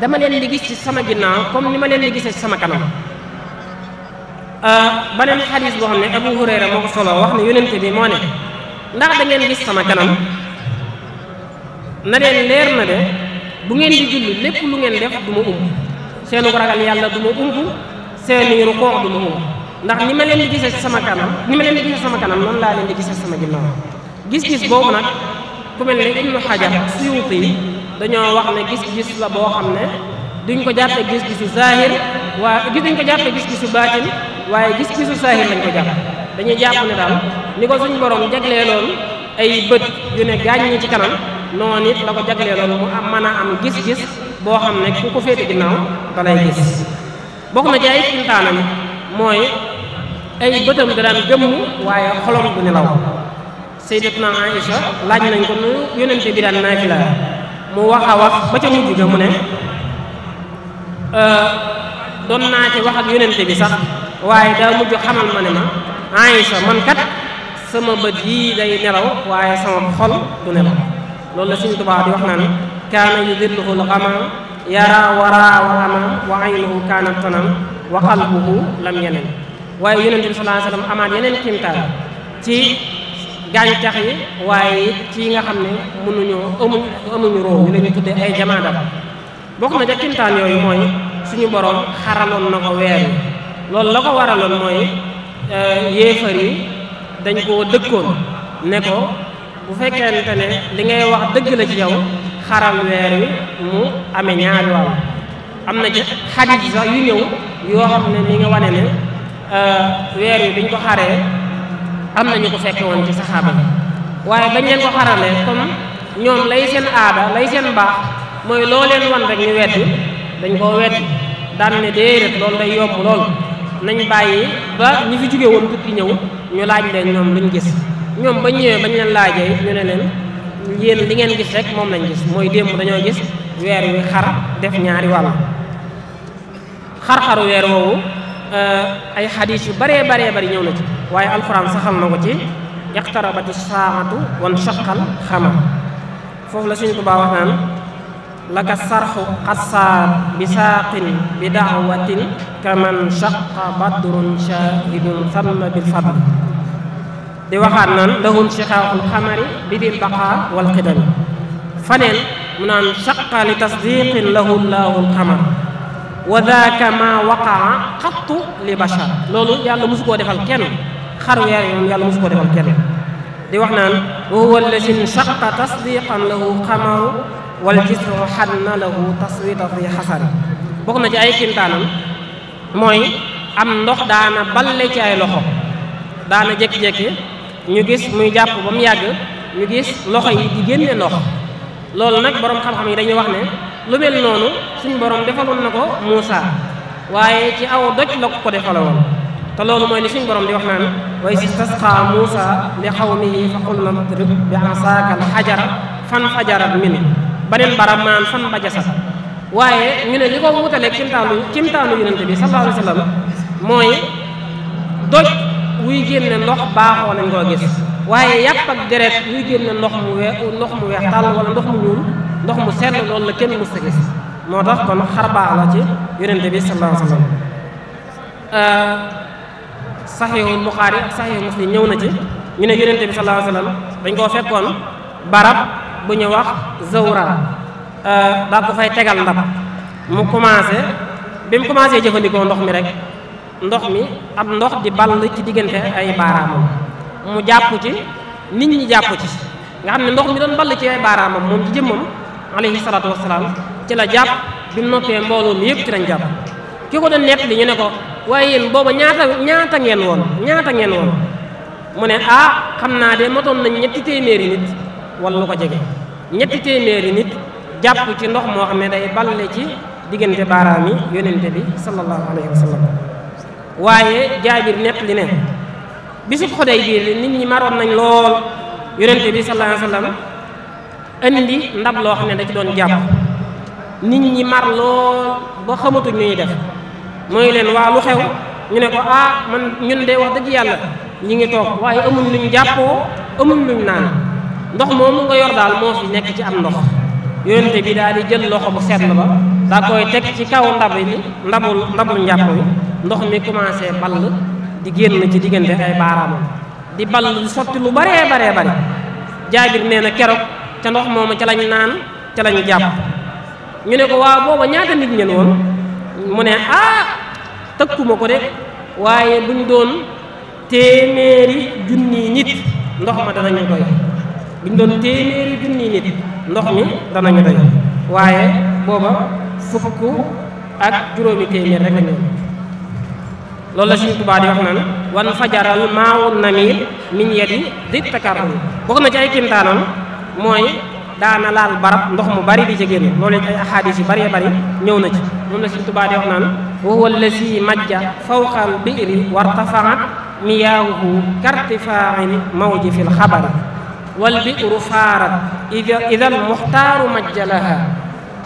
dama leen di gis ci sama ginnaaw comme ni ma leen di gisee ci sama kanam ba euh, beneen xadis boo xam ne Abu Hurayra moo ko solo wax ne yonent bi moo ne ndax da ngeen gis sama kanam na leen leer na de bu ngeen di julli lépp lu ngeen def du ma umb seenu ragal yàlla duma ma umb seeni rukkoo du umb ndax ni ma leen di gisee sama kanam ni ma leen di gisee sama kanam noonu laa leen di gisee sama ginnaaw gis-gis boobu nag ku mel ne Ibnu Hajar Suyuuti yi dañoo wax ne gis-gis la boo xam ne duñ ko jàppe gis-gisu zahir waaye gis duñ ko jàppe gis-gisu baatin waaye gis-gisu zahir lañ ko jàpp dañuy jàpp ne daal ni ko suñ borom jagleeloon ay bët yu ne gàññi ci kanam noonu it la ko jagleeloon mu am mën a am gis-gis boo xam ne ku ko féete ginnaaw da lay gis bokk na ci ay ay bëtam da daan gëmm waaye xolom du nelaw sayyidatuna Aïcha laaj nañ ko nu yonente bi daan naafila mu wax a wax ba ca mujj ga mu ne doon naa ci wax ak yonente bi sax waaye daa mujj xamal ma ne ma Aïcha man kat sama bët yii day nelaw waaye sama xol du nelaw loolu la Sëriñ Tuubaa di wax naan kaana yudilluhu lxama yara wara wa ama wa aynuhu kaanat tanam wa qalbuhu lam yanan waaye yonente bi sallallahu alayhi wasallam amaat yeneen kiimtaan ci gàncax yi waaye ci yi nga xam ne mënuñoo amuñ amuñu roo ñu la ñu tuddee ay jamaadal bokk na ca kiimtaan yooyu mooy suñu borom xaraloon na ko weer loolu la ko waraloon mooy euh, yéefar yi dañ koo dëkkoon ne ko bu fekkente ne li ngay wax dëgg la ci yow xaral weer wi mu amee ñaari waaw am na ci xadis sax yu ñëw yoo xam ne li nga wane ne Euh, weer yi biñ ko xaree am na ñu ko fekke woon ci saxaaba yi waaye bañ leen ko xaralee comme ñoom lay seen aada lay seen baax mooy loo leen wan rek ñu yi dañ koo weddi daan ne déedéet loolu day yomb lool nañ bàyyi ba ñu fi jóge woon tukki ñëw ñu laaj leen ñoom luñ gis ñoom ba ñëwee bañ leen laajee ñu ne leen yéen li ngeen gis rek moom lañ gis mooy démb dañoo gis weer wi xar def ñaari wàll xar-xaru weer woowu Euh, ay xadiis yu baree baree bari ñëw la ci waaye alxuraan saxal na ko ci iqtarabati saamatu wan shaqal xamar foofu la suñu Tuubaa wax naan laka sarxu xasaar bi saaqin bi daawatin kaman shaqa badrun shahidun thamma bil fadl di waxaat naan lahum shiqaaqul xamari bi dil baqaa wal qidami faneen mu naan shaqa li tasdiqin lahu llaahu l xamar wa daaka ma waqaa xattu li bachar loolu yàlla mosu koo defal kenn xar weer yi moom yàlla mosu koo defal kenn di wax naan wa huwa alladi nchaqa tasdiqan lahu xamaru wal jisru xanna lahu taswita fi xasari bokk na ci ay kintaanam mooy am ndox daana balle ci ay loxo daana jékki-jékki ñu gis muy jàpp ba mu yàgg ñu gis loxo yi di génne ndox loolu nag boroom xam-xam yi dañuy wax ne lu mel noonu suñ borom defaloon na ko Muusa waaye ci aw doj la ko defaloon te loolu mooy li suñ borom di wax naa naan wa iz istasqaa Muusa li qawmihi fa qulnaa idrib bi asaaka al xajara fan fajarat min baneen baram maan fan bajasat waaye ñu ne li ko wutaleeg kimtaanu kimtaanu yonente bi sallallahu alayhi sa sallam mooy doj wuy ndox baaxoo nañ koo gis waaye yàpp ak deret wuy génne ndox mu weex ndox mu weex tàll wala ndox mu ñuul ndox mu sell loolu la kenn mu sa gis moo tax kon xarbaax la ci yonente bi sallallahu alayhi wa sallam euh, saxiixul buxaari ak saxiixul muslim ñëw na ci ñu ne yonente bi sallallahu alayhi wa sallam dañ koo fekkoon barab bu ñu wax zawra euh, daa ko fay tegal ndab mu commencé bi mu commencé jëfandikoo ndox mi rek ndox mi ab ndox di ball ci diggante ay baaraamam mu jàpp ci nit ñi jàpp ci nga xam ne ndox mi doon ball ci ay baaraamam moom ci jëmmam alayhi salaatu wasalaam ci la jàpp bi mu noppee mbooloo mi yëpp ci lañ jàpp ki ko doon nett li ñu ne ko waaye yéen booba ñaata ñaata ngeen woon ñaata ngeen woon mu ne ah xam naa de matoon nañ ñetti téeméeri nit wala lu ko jege ñetti téeméeri nit jàpp ci ndox moo xam ne day balle ci diggante baaraam yi bi sallallahu alayhi wa sallam waaye jaabir nett li ne bisub Xudaybiya nit ñi maroon nañ lool yonente bi sallallahu alayhi indi ndab loo xam ne da ci doon jàpp nit ñi mar lool ba xamatuñ nu ñuy def mooy leen waa lu xew ñu ne ko ah man ñun de wax dëgg yàlla ñi ngi toog waaye amul luñ jàppoo amul luñ naan ndox moomu nga yor daal moo fi nekk ci am ndox yonente bi daal di jël loxo bu sell ba daa koy teg ci kaw ndab yi ndabul ndabul njàpp ndox mi commencé ball di génn ci diggante ay baaraamam di ball sotti lu baree baree bari jaabir nee na keroog ca ndox moomu ca lañ naan ca lañ jàpp ñu ne ko waaw booba ñaata nit ngeen woon mu ne ah tëkkuma ko de waaye buñ doon téeméeri junni nit ndox ma danañu doon téeméeri junni nit ndox mi danañu doy waaye booba fukk ak juróomi téeméer rek lañu loolu la suñu tubaab di wax naan wan fajaral maawu namir min yedi di takarrun bokk na ci ay kimtaanam mooy daana laal barab ndox mu bari di ci génn loolu ay axaadis yu bëree bëri ñëw na ci moom la Sëñ Tuubaa wax naan wa huwa allazi majja fawqal bi'ri wartafaat miyaahuhu kartifaain mawji fil xabari wal bi'ru faarat ida al muxtaaru majjalaha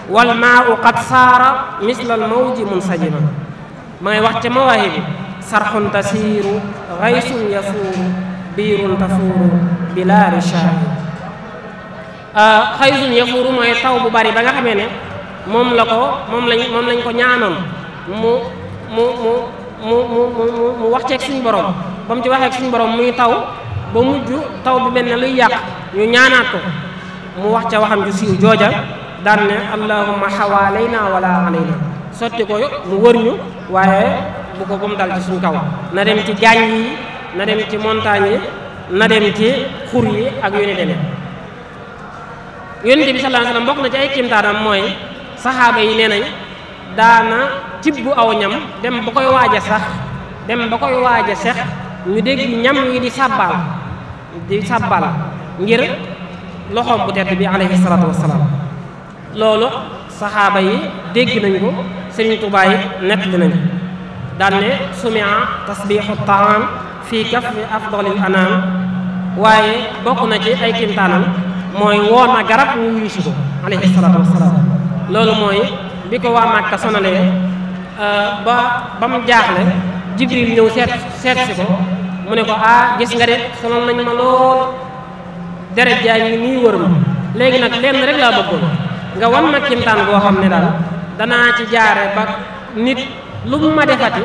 wal maau qad saara misla al mawji munsajima ma ngay wax ca mawaahib bi sarxun tasiiru gaysun yafuuru biirun tafuuru bila xaysun euh, yafuuru mooy taw bu bari ba nga xamee ne moom la ko moom lañ moom lañ ko ñaanoon mu mu mu mu mu mu wax ceeg suñu borom ba mu ci waxee suñu taw ba mujj taw bi mel ne luy yàq ñu ñaanaat ko mu wax ca waxam ju siiw jooja daan ne allahumma xawaalayna wala alayna sotti ko mu wër ñu waaye bu ko bum dal ci suñ kaw na dem ci gaañ yi na dem ci montagne yi na dem ci xur yi ak yu ne demee yonent bi sallallahu alayhi bokk na ci ay mooy saxaaba yi nee nañ daana tibb aw ñam dem ba koy waaja sax dem ba koy waaja sex ñu dégg ñam yi di sàbbaal di sàbbaal ngir loxoom bu tedd bi alayhi salaatu wasalaam loolu saxaaba yi dégg nañ ko Sëriñ Tuubaa yi nettali nañ daan ne sumia tasbiixu taam fii kafi afdalil anaam waaye bokk na ci ay kimtaanam mooy woo na garab ñu wuyu ko alayhi salaatu loolu mooy bi ko waa Màkka sonalee euh, ba ba mu jaaxle Jibril ñëw seet seet si ko mu ne ko ah gis nga de sonal nañ ma lool deret jaa ngi nii wër ma léegi nag lenn rek laa bëggoon nga wan ma kimtaan boo xam ne daal danaa ci jaare ba nit lu mu ma defati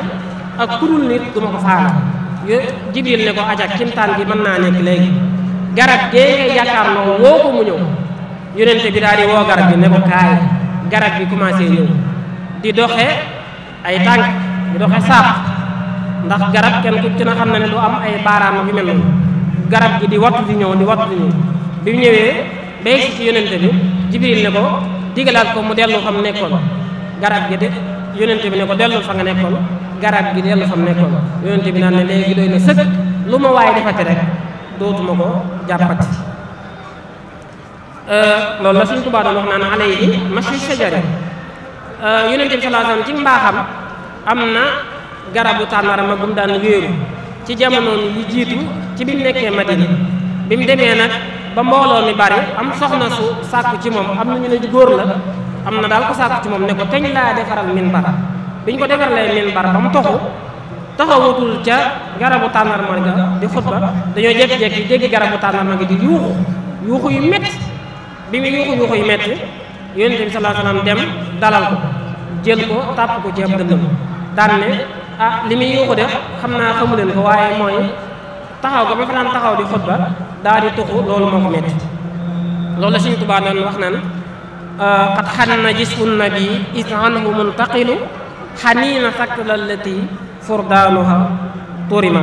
ak kurul nit du ma ko faala Jibril ne ko aja kimtaan bi mën naa nekk léegi garab gee ngay jàkkaarloo woo ko mu ñëw yonente bi daal di woo garab yi ne ko kaay garab bi commencé ñëw di doxe ay tànk di doxe saaq ndax garab kenn ku ci na xam na ne du am ay baaraam yu mel na garab gi di wattu di ñëw di wattu di bi mu ñëwee bay si ci yonente bi ne ko digalaat ko mu dellu fa mu nekkoon garab gi de yonente bi ne ko dellu fa nga nekkoon garab gi dellu fa mu nekkoon yonente bi naan ne léegi doy na sëkk lu ma waaye defati rek dootuma ko jàppati euh, loolu la suñ Tuubaa doon wax naan alayhi mashi shajari euh, yonent bi sallallahu alayhi wasallam ci mbaaxam am na garabu ma gum daan wéeru ci jamonoon yu jiitu ci bi mu nekkee Madina bi mu demee nag ba mbooloo mi bari am soxna su sàkku ci moom am na ñu ne góor la am na daal ko sàkku ci moom ne ko teñ laa defaral minbar bi ñu ko defaralee minbar ba mu toxu taxawatul ca garabu tàndarma ga di xutba dañoo jékki-jékki dégg garabu tàndarma gi di yuuxu yuuxu yu métti bi mu yuuxu yuuxu yu métti yonent bi sallallahu alayhi wasallam dem dalal ko jël ko tàpp ko ci ab dëndam daan ah li mu yuuxu def xam naa xamu leen ko waaye mooy taxaw ga ba fa naan taxaw di xutba daal di tuxu loolu moo ko métti loolu la Sëriñ Tuubaa doon wax naan ah, qad xanna jismu nabi is anhu muntaqilu xaniina yi furdaanuha turima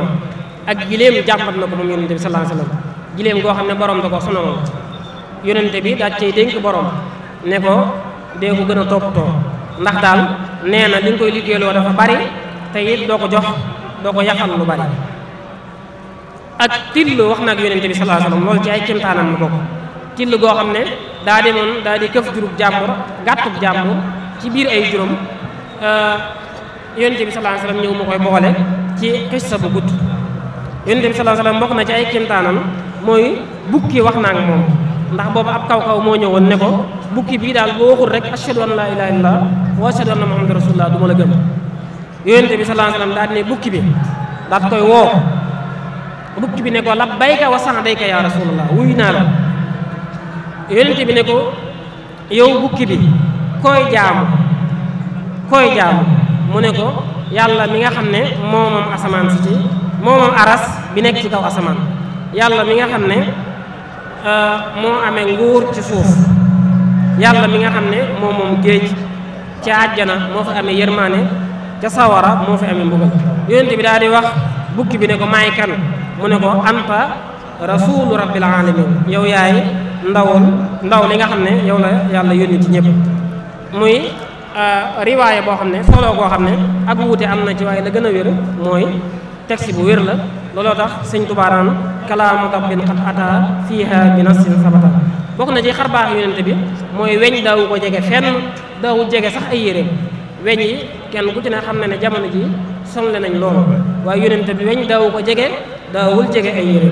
ak gileem jàmbat na ko moom yonente bi sallallahu alayhi wa sallam gileem goo xam ne borom da ko sonaloon yonente bi daal cay dénk borom ne ko dee ko gën a toppatoo ndax daal nee na li nga koy liggéeyloo dafa bari te doo ko jox doo ko yàqal lu bari ak till wax na ak yonente bi sallallahu alayhi wa sallam loolu ci ay kéemtaanam la bokk till goo xam ne daa demoon daa di këf jurub jàmbur gàttub jàmbur ci biir ay juróom euh, yonente bi sallallahu alayhi wasallam ñëw koy boole ci xissa bu gudd yonente bi sallallahu alayhi wasallam na ci ay kéemtaanam mooy bukki wax naa ak moom ndax boobu ab kaw-kaw moo ñëwoon ne ko bukki bii daal boo waxul rek ashhadu an laa ilaaha illallah wa ashhadu anna muhammadan rasulullah du la gëm yonente bi sallallahu alayhi wasallam daal ne bukki bi daat koy woo bukki bi ne ko labbayka wa sa'dayka ya rasulullah wuyu naa la yonente bi ne ko yow bukki bi koy jaamu koy jaamu mu ne ko yàlla mi nga xam ne moo moom asamaan si ci moo moom aras bi nekk ci kaw asamaan yàlla mi nga xam ne euh, moo amee nguur ci suuf yàlla mi nga xam ne moo moom géej ca àjjana moo fa amee yërmaane ca sawara moo fi amee mbugal yonent bi daal di wax bukki bi ne ko maay kan mu ne ko anta rasulu rabbil alamin yow yaay ndawul ndaw li nga xam ne yow la yàlla yónni ci ñëpp muy Euh, riwaaya boo xam ne soloo koo xam ne ak wuute am na ci waaye la gën a wér mooy texte bu wér la looloo tax sëñ tubaaraan kalaamu rabbin qad ataa fiiha bi nassin sabata bokk na ci xar baax yonent bi mooy weñ daawu ko jege fenn daawu jege sax ay yére weñ yi kenn ku ci ne xam na ne jamono ji sonle nañ loolu waaye yonent bi weñ daawu ko jege daawul jege ay yére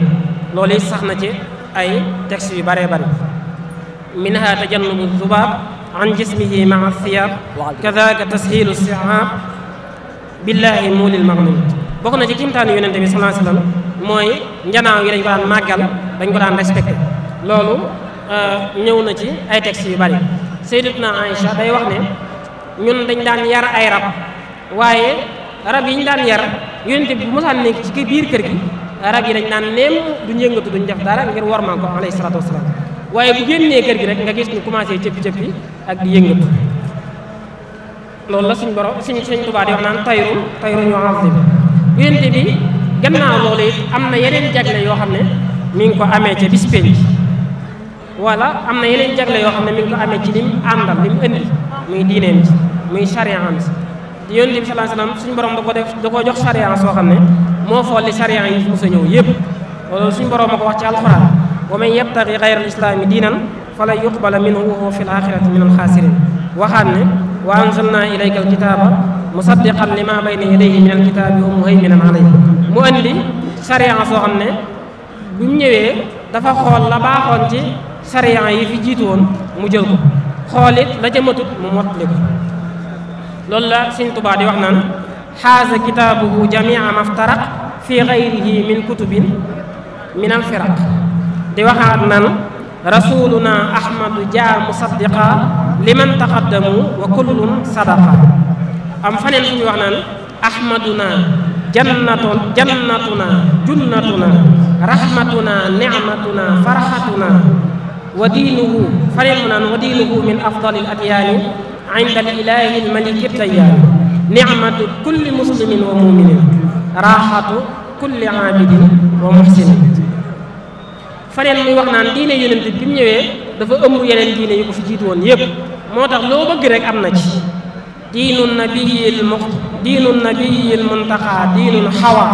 loolu sax na ci ay texte yu bare bare minha tajannubu zubaab an jismihi maa thiyaab kadaka tashilu siaab billaahi muulil maghnum bokk na ci kimtaani yonente bi sallallahu alayhi wasallam mooy njanaaw yi dañ ko daan màggal dañ ko daan respecté loolu ñëw na ci ay textes yu bari sayyidatuna Aïcha day wax ne ñun dañ daan yar ay rab waaye rab yi ñu daan yar yonente bi bu mosaan nekk ci biir kër gi rab yi dañ daan neem duñ yëngatu duñ def dara ngir war maa ko alayhi waaye bu génnee kër gi rek nga gis ñu commencé cëppi bi ak di yëngatu loolu la suñ borom suñ suñ Tuubaa di wax naan tayru tayru ñu azim yonent bi gannaaw loolu it am na yeneen jagle yoo xam ne mi ngi ko amee ca bis wala am na yeneen jagle yoo xam ne mi ngi ko amee ci lim àndal lim indi muy diineem ci muy sariyaam ci yonent bi sallallahu alayhi wasallam suñ borom da ko def da koo jox sariya soo xam ne moo fool li yi mos sa ñëw yëpp loolu suñ borom ma ko wax ci alxuraan wa man yabtaxi xayra alislaami diinan falan yuqbala minhu wa huwa fi laaxirati min alxaasiriin waxaat ne wa anzalnaa ilayka alkitaaba musaddiqan li ma bayna yadayhi min alkitaabi wa muhayminan alayhi mu andi sariya soo xam ne bu mu dafa xool la baaxoon ci sariya yi fi jiitu woon mu jël ko xoolit la ca matut mu mottali ko loolu la Sëñ di wax naan xaasa kitaabuhu jamia maftaraq fi gayrihi min kutubin min alfiraq di waxaat nan rasuluna ahmadu jaa musaddiqa liman taqaddamu wa kullun sadaqa am faneen fu ñu wax nan ahmaduna jannatu jannatuna wa diinuhu min afdali al-adyaani al-ilaahi al-maliki at-tayyaani nicmatu wa muminin raaxatu kulli aabidin wa muxsinin faneen muy wax naan diine yonent bi mu ñëwee dafa ëmb yeneen diine yu ko fi jiitu woon yépp moo tax loo bëgg rek am na ci diinu nabiyil mu diinu nabiyil muntaqa diinul xawa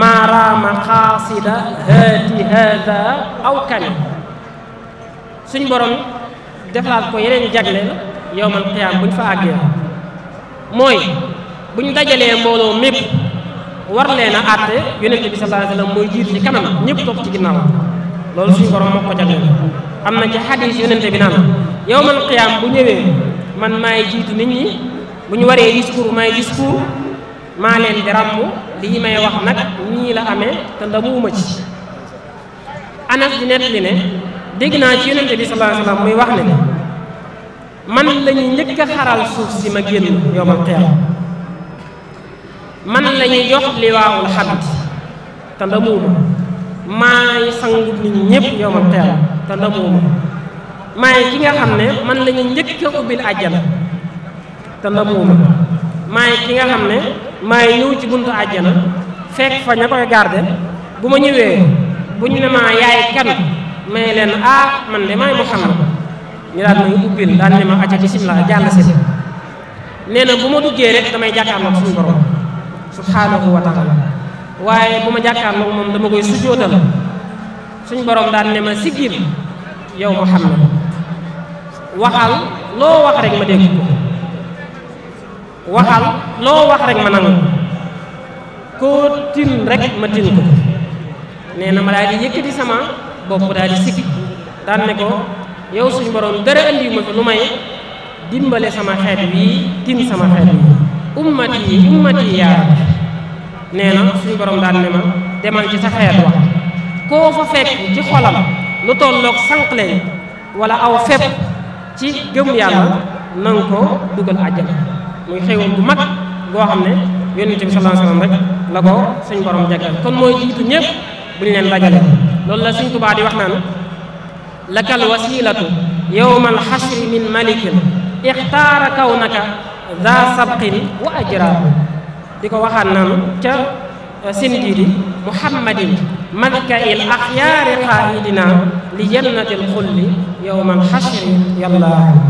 maaraama xaasida haati haada aw kani suñ borom defalaat ko yeneen jagle yowmal qiyaam buñ fa àggee mooy bu ñu dajalee mbooloo mépp war leen a àtte yonent bi sallallahu alayhi wa sallam mooy jiitu ci kanam ñëpp topp ci ginnaaw loolu suñu borom moo ko jagleel am na ci xadis yonente bi naan yowmal qiyaam bu ñëwee man maay jiitu nit ñi bu ñu waree discours maay discours maa leen di lii may wax nag nii la amee te ci anas di nett li ne dégg naa ci yonente bi sallallahu alayhi wasallam muy wax ne man la njëkk xaral suuf si ma génn yowmal qiyaam man la ñuy jox liwaawul xamd te ndamuwuma maay sangu nit ñi ñëpp yowmal qiyaama te ndamuwuma maay ki nga xam ne man la njëkk a ubbil àjjana te ndamuwuma maay ki nga xam ne maay ñëw ci buntu àjjana fekk fa ña koy garde bu ma ñëwee bu ñu ne maa yaay kan may leen ah man de maay Muhammad ñu daal may ubbil daal ne ma acca la jàll si nee na bu ma duggee rek damay jàkkaarloog suñu borom subhaanahu wa taala waaye bu ma jàkkaarloo moom dama koy sujjóotal suñ boroom daan ne ma siggil yow Muhammad waxal loo wax rek ma dégg ko waxal loo wax rek ma nangu koo tin rek ma tin ko nee na ma daal di yëkkati sama bopp daal di sigg daan ne ko yow suñ borom dara andi fi lu may dimbale sama xeet wi tin sama xeet wi ummati ummati yaa nee na suñu borom daan ne ma demal ci sa xeet wax koo fa fekk ci xolam lu tolloog sànq leen wala aw fepp ci gëm yàlla na nga ko dugal àjjana muy xéewal bu mag goo xam ne yonent bi sallallahu alayhi wasallam ko suñ borom jagleel kon mooy jiitu ñëpp leen dajale loolu la suñ tubaa di wax naan lakal wasilatu yowmal xasri min malikin ixtaara kawnaka daa sabqin wa ajraabu di ko waxaat naan ca eh, sindiidi muhammadin malka il axyaari qaa'idina li jannatil xulli yawmal xashri yallaahu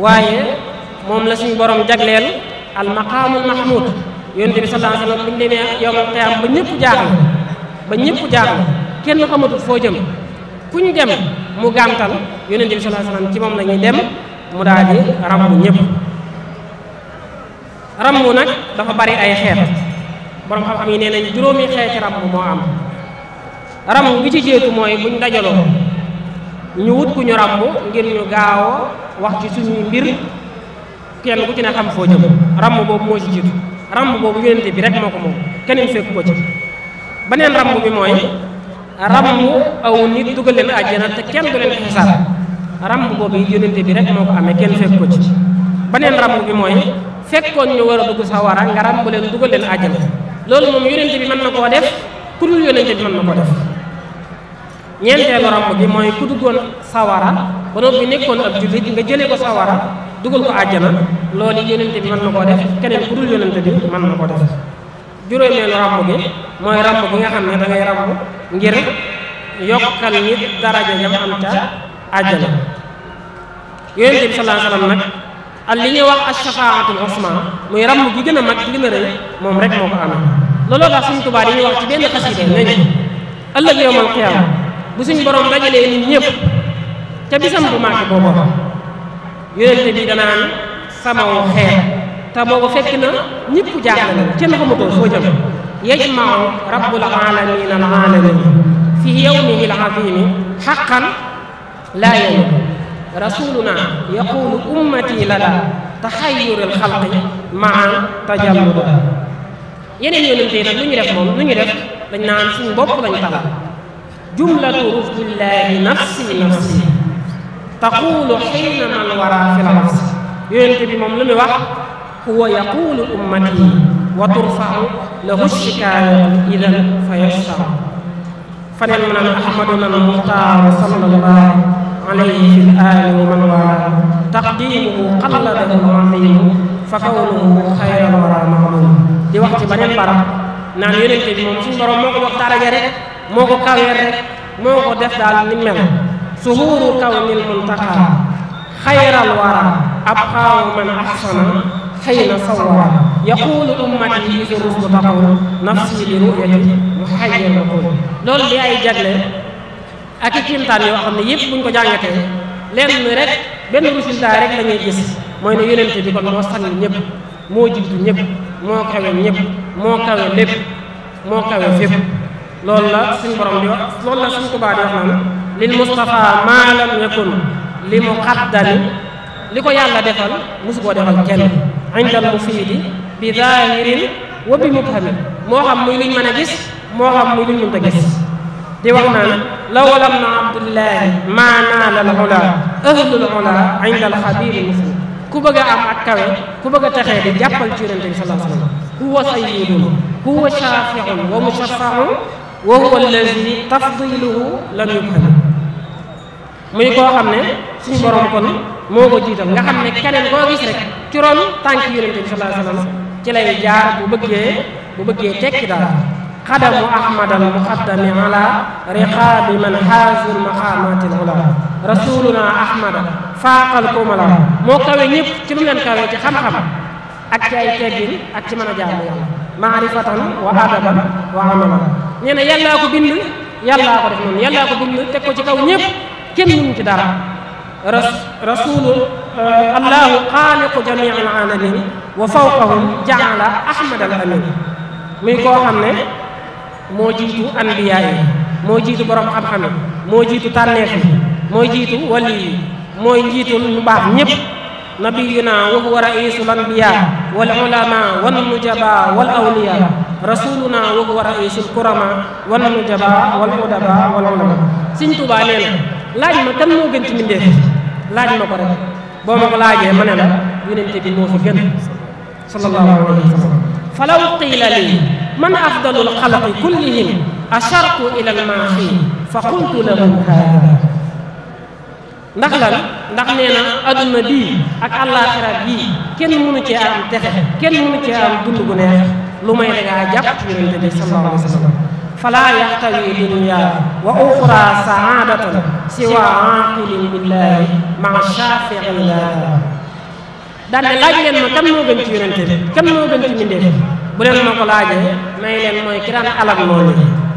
waaye moom la suñu boroom jagleel al maqaamul mahmud yonent bi sallallahu alayhi wa sallam bu ñu ba ñëpp jaaxle ba ñëpp jaaxle kenn xamatul foo jëm ku ñu dem mu gàntal yonent bi sallallahu alayhi ci moom la dem mu daal di rambu ñëpp rammu nag dafa bari ay xeet borom xam-xam yi nee nañ juróomi xeeti rammu moo am rammu bi ci jiitu mooy buñ dajaloo ñu wut ku ñu rammu ngir ñu gaaw wax ci suñuy mbir kenn ku ci ne xam foo jëm boobu moo ci jiitu rammu boobu yonente bi rek moo ko moom keneen fekk ko ci beneen rammu bi mooy rammu aw nit dugal leen àjjana te kenn du leen xisaab rammu boobu yonente bi rek moo ko amee kenn fekk ko ci bi mooy fekkoon ñu war a dugg sawara nga ràmbu leen dugal leen àjjana loolu moom yonent bi mën na koo def ku dul yonent bi mën na koo def ñeenteelu ràmb gi mooy ku duggoon sawara ba bi nekkoon ab jullit nga jëlee ko sawara dugal ko àjjana yi yonent bi mën na koo def keneen ku dul yonent bi man na koo def juróomeelu ràmb bi mooy ràmb gi nga xam ne dangay ngay ràmb ngir yokkal nit daraja yam am ca àjjana yonent bi sallallahu alayhi wasallam nag ak li ñuy wax ashafaatul usma muy ramm gi gën a mag gi gën a rëy moom rek moo ko amee looloo tax suñ tubaa dañuy wax ci benn xasida nañu ëllëg yowmal qiyaama bu suñ borom dajalee nit ñëpp ca bisam bu màgg boobu yonente bi danaan samaw xeer te boobu fekk na ñëpp jaaxle na kenn xamatoo foo jëm yajmau rabbul alamin al alamin fi yawmihi al azimi xaqan laa yawmi rasuluna yaqulu ummati lana taxayyuril xalqi maa tajalluda yeneen yonente yi nag lu ñu def moom lu ñu def dañ naan suñu bopp lañ tala jumlatu rusdullahi nafsi nafsi taqulu xiina man wara fi lafsi yonente bi moom lu muy wax huwa yaqulu ummati wa turfau lahu shikaayatu idan fa yashtaru faneen mu naan ahmaduna almuxtaar sallallahu عليه في الآل ومن والاه تقديمه قلده المعظيم فكونه خير الورى معمول di wax ci beneen barab naan yonent bi moom suñu borom moo ko wax daraja rek moo ko kaweel rek moo ko def daal ni mel suhuuru kawnil muntaqa xayral wara abqaahu man ahsana xëyna sawara yaqulu ummati fi rusdu taqul nafsi bi ru'yati muhayyana loolu di ay jagle ak i kiimtaan yoo xam ne yëpp buñ ko jàngatee lenn rek benn résultat rek la ñuy gis mooy ne yonent bi kon moo sànni ñëpp moo jiddu ñëpp moo kawe ñëpp moo kawe lépp moo kawe fépp loolu la suñ borom di wax loolu la suñ Tuubaa di wax naan lil Mustafa maa lam yakun li mu xaddali li ko yàlla defal su koo defal kenn indal mufiidi bi zaahirin wa bi mubhamin moo xam muy luñ mën a gis moo xam muy luñ mënta gis di wax naan law lam na abdullahi maa naala al ula ahlul ula inda ku bëgg am ak kawe ku bëgg a texee di jàppal ci yonente bi sallallahu alayhi wa sallam huwa sayyidun huwa shafiun wa mushaffaun wa huwa allazi tafdiluhu lam yubham muy koo xam ne si borom kon moo ko jiital nga xam ne keneen koo gis rek ci ron tànk yonente bi sallallahu alayhi wa sallam ci lay jaar bu bëggee bu bëggee tekki daal xadamu ahmadal muqaddami ala riqaabi man xaazul maqaamatil ula rasuluna ahmada faaqal kumala moo kawe ñëpp ci lu leen kawe ci xam-xam ak ci ay teggin ak ci mën a jaamu yàlla maarifatan wa adaban wa amala nee na yàllaa ko bind yàllaa ko def noonu yàllaa ko bind teg ko ci kaw ñëpp kenn mënu ci dara ras rasulu euh, allahu xaaliqu jamii al alamin wa fawqahum jaala ahmad al amin muy koo xam ne moo jiitu anbiyaa moo jiitu borom xam-xam moo jiitu tànneef yi moo jiitu wali yi mooy njiitu ñu baax ñépp nabiyuna wa huwa raisul anbiya wal ulama wan nujaba wal awliya rasuluna wa huwa raisul kurama wan nujaba wal udaba wal ulama Sëñ si nee laaj ma kan moo gën ci mbindéef laaj ma ko rek boo ma ko laajee ma ne la yonente bi moo fi gën sallallahu alayhi wa sallam falaw man afdalul xalqi kullihim asharku ilal maaxi fa qultu lahu haada ndax lan ndax nee na adduna bii ak àllaaxira bii kenn mënu cee am texe kenn mënu cee am dund gu neex lu may dangaa jàpp yonente bi sallallahu alayhi wa sallam falaa yaxtawi dunya wa uxra saadatan siwa aqilin billahi maa shafii laa daan ne laaj leen ma kan moo gën ci yonente bi kan moo gën ci mbindeef bu leen ma ko mooy ki daan alal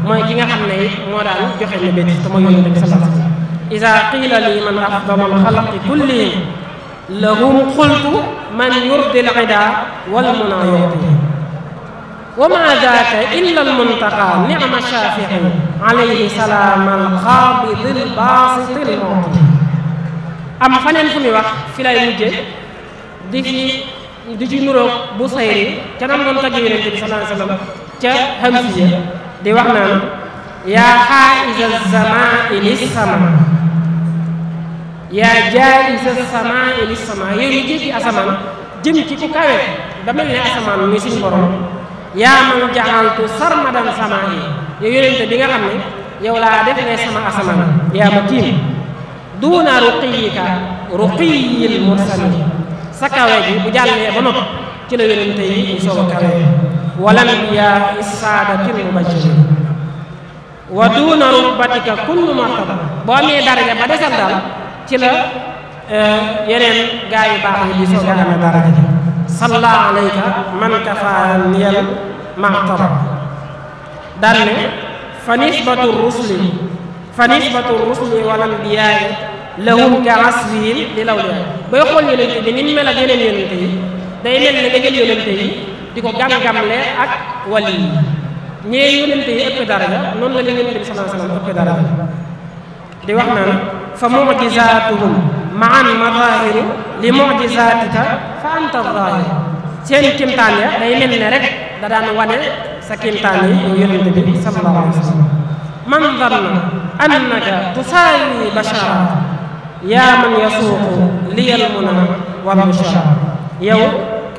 mooy ki nga xam ne it moo daan joxe ne béti te mooy yonent bi sallallahu alayhi wa sallam isa man afdalu alxalqi kullihim lahum qultu man yurdi al ida wal muna yurdi wa ma daaka illa almuntaqa nicma shafii alayhi salaam alqaabidi albaasiti almuti am faneen fu muy wax fi lay di fi di ci nuroog bu sayri ca nam doon tagge yonente bi sallallahu alayhi wasallam ca hamsiya di wax naan yaa xaaisa samaa ili sama yaa jaaisa samaa ili sama yow yu jéggi asamaan jëm ci ku kawe ba mel ne asamaan muy suñu borom yaa man jaxaltu sarmadan samaa yi yow yonente bi nga xam ne yow laa def ne sama asamaan yaa ma tiim duuna ruqiyika ruqiyil mursalin sa kawe gi bu jàllee ba noppi ci la yonente yi ñu soog a kawe wala yaa issaadatil mubashirin wa duuna rubatika kullu martaba boo amee daraja ba desal daal ci la e, yeneen gaa yu baax yi di soog a amee daraja ji salla alayka man martaba daal ne fa nisbatu rusli fa nisbatu rusli wal anbiyaa lahum ka asrihim di law leen booy xool yonente bi ni mel ak yeneen yonente yi day mel ni nga jël yonente yi di ko gam-gamle ak wali yi ñee yonente yi ëpp daraja noonu la leen yonente bi sallallahu alayhi wasallam ëpp di wax naan fa mu'jizatuhum ma'an madahiri li mu'jizatika fa anta zahir seen kimtaan ya day mel ne rek da daan wane sa kimtaan yi yonente bi sallallahu alayhi wasallam man dhanna annaka tusaawi bashara yaa man yasuuqu a muna wal bushra yow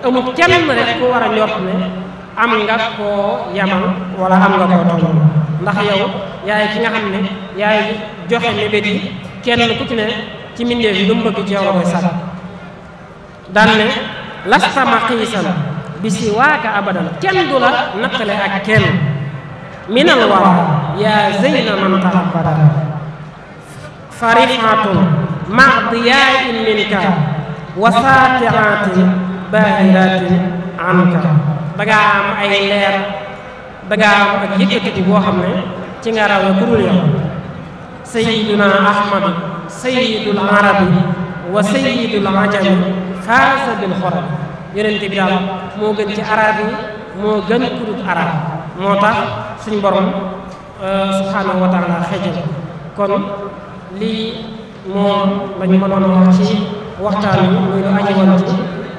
amul kenn rek ku war a ñort ne am nga koo yamal wala am nga koo toll ndax yow yaay ki nga xam ne yaay joxe mébét yi kenn ku ci ne ci mbindeef yi lu mu bëgg ci koy sàkk daan ne lasta maqiisan bi si waaka abadan kenn du la naqale ak kenn minal wara yaa zeyna man tarabada farihatun ma diyaain minka wa saatiatin baahiratin anka dangaa am ay leer dangaa am ak yëkkati boo xam ne ci nga rawe ku dul yow sayiduna ahmadu sayidul arabi wa sayidul ajami faasa bil xoram bi daal moo gën ci arab moo gën ku dul moo tax suñ borom euh, subhanahu wa taala kon lii moom lañu mënoon a wax ci waxtaan wi muy lu aji woon ci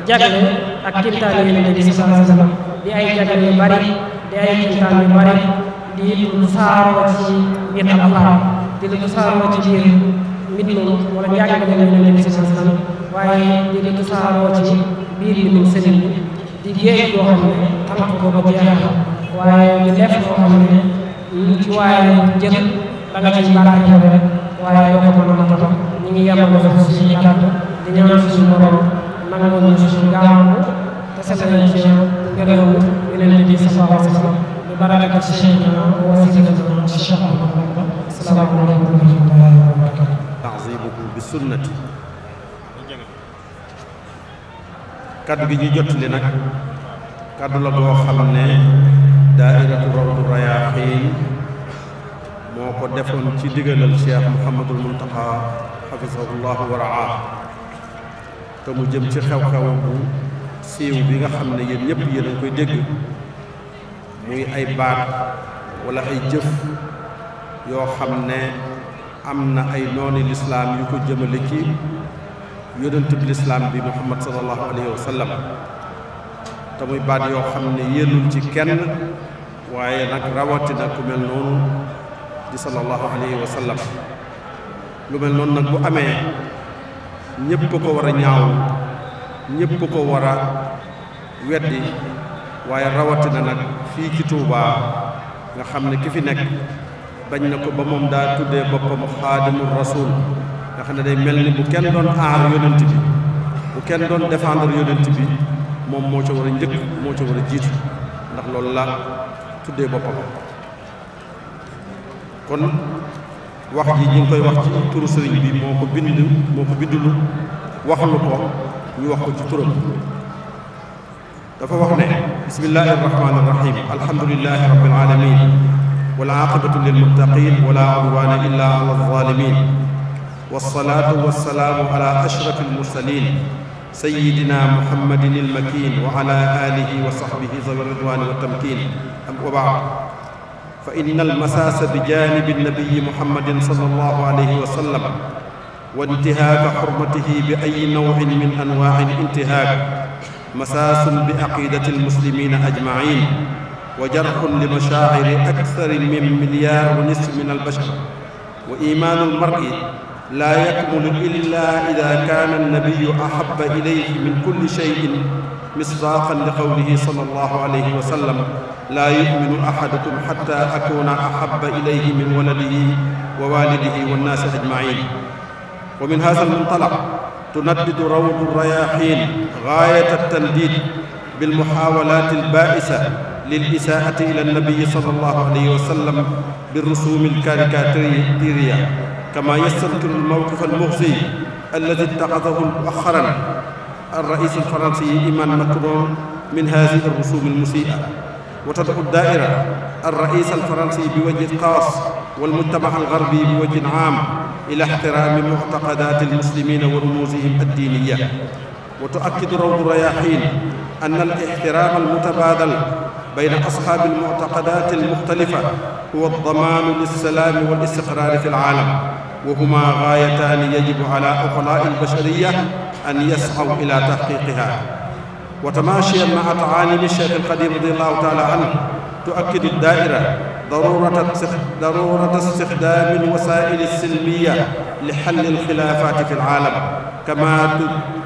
jagle ak kimtaane yonent bi sallallahu alayhi wa sallam di ay jagle yu bari di ay kimtaan yu bari di lu saaroo ci biir alxuraan di lu saaroo ci biir mbindum wala jàngale bi sallallahu alayhi wa sallam waaye di lu saaroo di géej yoo xam ne tamat ko ba jeexal waaye ñu def loo xam ne ñu ci waaye jël da nga ci baraañoo rek waaye doo ko mën a motal ñu ngi yàlla foofu suñu kàddu di ñaanal suñu borom nangu ñu suñu gaawandu te setal ci gërëm yeneen bi sallallahu alayhi wa sallam bi baraka ci Cheikhna wa wasiilatina Cheikh Ahmadou Bamba salaamu alaykum wa rahmatullahi wa barakatuh ta'zimuhu bi sunnati kaddu gi ñuy jottali nag kaddu la boo xam ne daairatu rawdu rayaaxiin moo ko defoon ci digalal cheikh Mouhamadul Muntaxa xafisahullahu wa raa te mu jëm ci xew-xew bu siiw bi nga xam ne yéen ñëpp yéen a ngi koy dégg muy ay baat wala ay jëf yoo xam ne am na ay nooni lislaam yu ko jëmale ci yonentub lislaam bi muhammad sallallahu alayhi wa sallam baat yoo xam ne yéenul ci kenn waaye nag rawatina ku mel noonu bi sallallahu alayhi wa sallam lu mel noonu nag bu amee ñépp ko war a ñaaw ñépp ko war a weddi waaye rawatina nag fii ci Tuubaa nga xam ne ki fi nekk bañ na ko ba moom daa tuddee boppam xaadimul rasul nga xam ne day mel ni bu kenn doon aar yonent bi bu kenn doon défendre yonent bi moom moo ca war a njëkk moo ca war a jiitu ndax loolu la tuddee boppam kon wax ji ñu ngi koy wax ci turu sëriñ bi moo ko bind moo ko bindulu waxalu ko ñu wax ko ci turam dafa wax ne bismillahi irrahmani irrahim alhamdulilahi rabbil alamin wal aqibatu lil muttaqin wala udwana illa ala alzalimin wassalatu wassalaamu ala ashrafil mursalin sayyidina muhammadin il makin wa ala alihi wa sahbihi zawi ridwani wa tamkin am wa baad fa inna almasaasa bi jaanibi nabiyi muhammadin sallallahu alayhi wa sallam wa intihaaka xurmatihi bi ay nawin min anwaai intihaak masaasun bi aqidati almuslimina ajmain wa jarxun li mashaaciri aksari min milyaar wa nisf min albashar wa imaanu almari laa yakmulu illa ida kaana annabiyu ahaba ilayhi min kulli cheyin misdaaqan li qawlihi sal allahu alayhi wa sallam laa yuminu ahadukum xata akuuna ahaba ilayhi min waladihi wa waalidihi wannaasi ajmain wa min haada almuntalaq tunaddidu rawdu rayaxiin gaayat altandid bilmuxaawalat albaa'isa lilisaa'ati ila annabiyi sal allahu alayhi wa sallam birrusuumi alkarikatiriya كما يستذكر الموقف المخزي الذي اتخذه مؤخرا الرئيس الفرنسي إيمان ماكرون من هذه الرسوم المسيئة وتدعو الدائرة الرئيس الفرنسي بوجه خاص والمجتمع الغربي بوجه عام إلى احترام معتقدات المسلمين ورموزهم الدينية وتؤكد روض الرياحين أن الاحترام المتبادل بين أصحاب المعتقدات المختلفة هو الضمان للسلام والاستقرار في العالم وهما غايتان يجب على عقلاء البشرية أن يسعوا إلى تحقيقها وتماشيا مع تعاليم الشيخ القديم رضي الله تعالى عنه تؤكد الدائرة ضرورة ضرورة استخدام الوسائل السلمية لحل الخلافات في العالم كما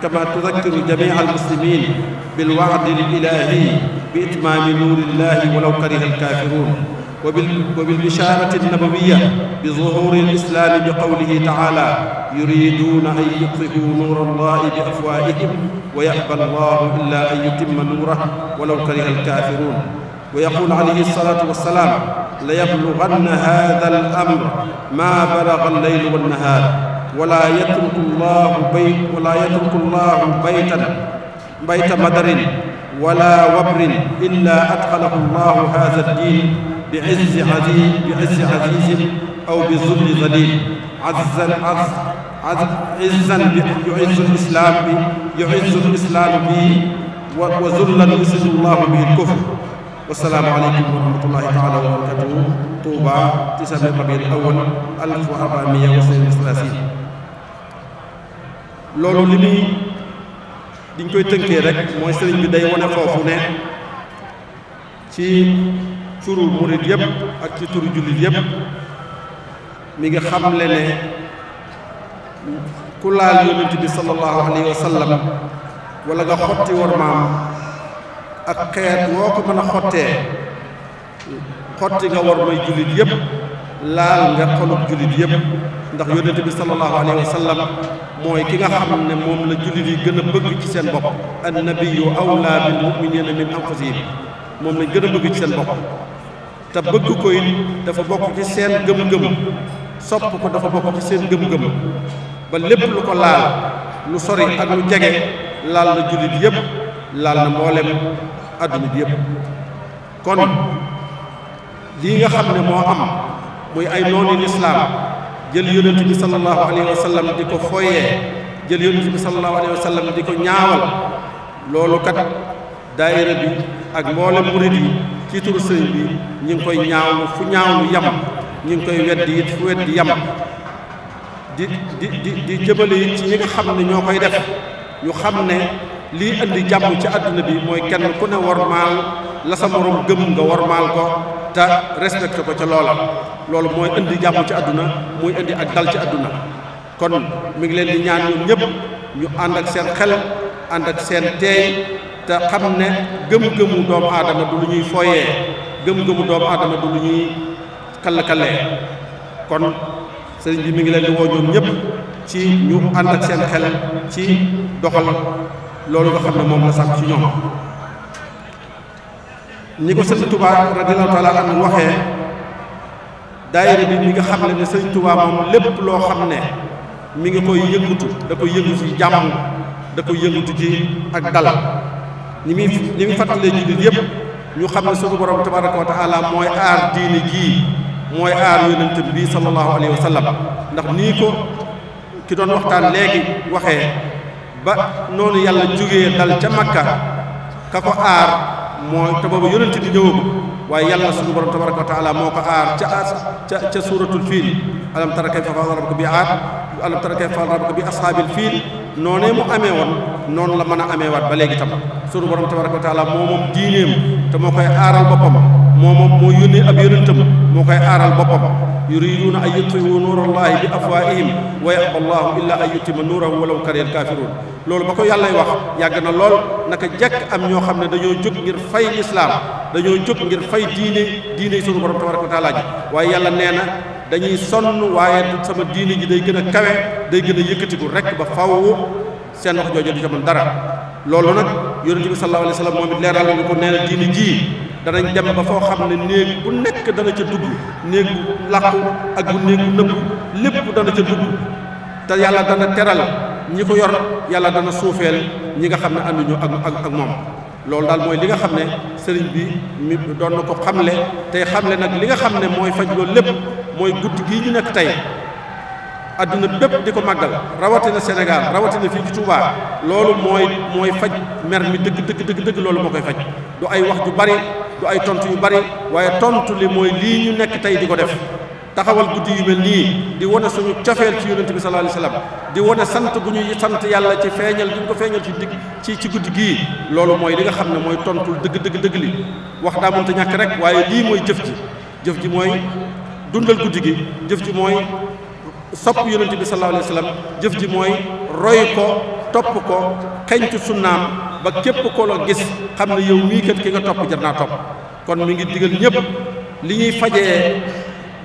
كما تذكر جميع المسلمين بالوعد الإلهي بإتمام نور الله ولو كره الكافرون وبالبشارة النبوية بظهور الإسلام بقوله تعالى يريدون أن يطفئوا نور الله بأفواههم ويأبى الله إلا أن يتم نوره ولو كره الكافرون ويقول عليه الصلاة والسلام ليبلغن هذا الأمر ما بلغ الليل والنهار ولا يترك الله بيت ولا يترك الله بيتا بيت مدر ولا وبر إلا أدخله الله هذا الدين bi izzi aziz bi izzi aziz aw bi zulli zalil bi yu'izzu islam bi yu'izzu bi wa wa zullan yusillu llahu bihi al-kufr wassalaamu aleykum wa rahmatullahi wa barakatuhu Touba loolu li muy diñ koy tënkee rek mooy sëriñ bi day wane foofu ne ci turu murit yëpp ak ci turu jullit yëpp mi ngi xamle ne ku laal yonent bi sallallahu alayhi wa sallam wala nga xotti war maam ak xeet woo ko mën a xottee xotti nga war may jullit yëpp laal nga xolub jullit yëpp ndax yonent bi sallallahu alayhi wa mooy ki nga xam ne moom la jullit yi gën a bëgg ci seen bopp annabiyu awlaa bil muminina min anfusihim moom lañ gën a bëgg ci seen bopp te bëgg ko dafa bokk ci seen gëm-gëm sopp ko dafa bokk ci seen gëm-gëm ba lépp lu ko laal lu sori ak lu jege laal na jullit yépp laal na mboolem àdduna bi yépp kon lii nga xam ne moo am muy ay noonu lislaam jël yonent bi sallallahu alayhi wa di ko foyee jël yonent bi sallallahu alayhi wa sallam di ko ñaawal loolu kat daayira bi ak mboolem murit yi ci turu sëñ bi ñu ngi koy ñaawlu fu ñaawlu yam ñu ngi koy weddi it fu weddi yam di di di di jëmale ci ñi nga xam ne ñoo koy def yu xam ne lii indi jàmm ci àdduna bi mooy kenn ku ne wormaal la sa moroom gëm nga wormaal ko te respecté ko ca loola loolu mooy indi jàmm ci àdduna muy indi ak dal ci àdduna kon mi ngi leen di ñaan ñoom ñëpp ñu ànd ak seen xel ànd ak seen teey te xam ne gëm-gëmu doomu aadama du lu ñuy foyee gëm-gëmu doom aadama du lu ñuy kallkallee kon sëriñ bi mi ngi leen di woo ñoom ñëpp ci ñu ànd ak seen xel ci doxal loolu nga xam ne moom la sàkk ci ñoom ni ko sëriñ Touba radiyallahu taala anhu waxee daayira bi mi nga xam ne ne sëriñ Touba moom lépp loo xam ne mi ngi koy yëngutu da koy yëngutu ci jàmm da koy yëngutu ci ak dalal ni muy ni muy fàttalee jullit yëpp ñu xam ne suñu borom tabaraka wa taala mooy aar diine jii mooy aar yonent bi sallallahu alayhi wa sallam ndax nii ko ki doon waxtaan léegi waxee ba noonu yàlla jógee dal ca makka ka ko aar mooy boobu yonent bi ñëwagul waaye tabaraka wa taala moo ko aar ca ca fiil alam tara kayfa fa'ala rabbuka bi aad alam tara kayfa bi ashaabil fiil noonee mu amee woon noonu la mën a amee waat ba léegi tam sunu borom tabaraka wa taala moo moom diineem te moo koy aaral boppam moo moom moo yónnee ab yonentam moo koy aaral boppam yuriduuna an yutfiu nuurallaahi bi afwaahihim wa yaba allaahu illaa an yutima nuurahu walaw kariha alkaafiruun loolu ba ko yàllay wax yàgg na lool naka jekk am ñoo xam ne dañoo jóg ngir fay lislaam dañoo jóg ngir fay diine diine sunu borom yàlla nee na dañuy sonn waaye sama diini ji day gën a kawe day gën a yëkkatiku rek ba faw seen wax jooju du ca dara loolu nag yore bi sallallahu alayhi wa sallam moom it leeral na ko nee na diini ji danañ dem ba foo xam ne néeg bu nekk dana ca dugg néeg bu làqu ak bu néeg bu nëbbu lépp dana ca dugg te yàlla dana teral ñi ko yor yàlla dana suufeel ñi nga xam ne ànduñu ak ak ak moom loolu daal mooy li nga xam ne sëriñ bi mi doon na ko xamle tey xamle nag li nga xam ne mooy faj loolu lépp mooy guddi gii ñu nekk tey adduna bépp di ko màggal rawatina Sénégal rawatina fii ci Touba loolu mooy mooy faj mer mi dëgg dëgg dëgg dëgg loolu moo koy faj du ay wax ju bari du ay tontu yu bari waaye tontu li mooy lii ñu nekk tey di ko def taxawal guddi yu mel nii di wane suñu cofeel ci yonent bi sallallahu alayhi wasallam di wane sant bu ñuy sant yàlla ci feeñal di ñu ko feeñal ci digg ci ci guddi gii loolu mooy li nga xam ne mooy tontul dëgg dëgg dëgg li wax daa mënta ñàkk rek waaye lii mooy jëf ji jëf ji mooy dundal guddi gi jëf ji mooy sopp yonent bi sallallahu alayhi wasallam jëf ji mooy roy ko topp ko xencu sunnaam ba képp ko la gis xam ne yow mii kat ki nga topp jar naa topp kon mi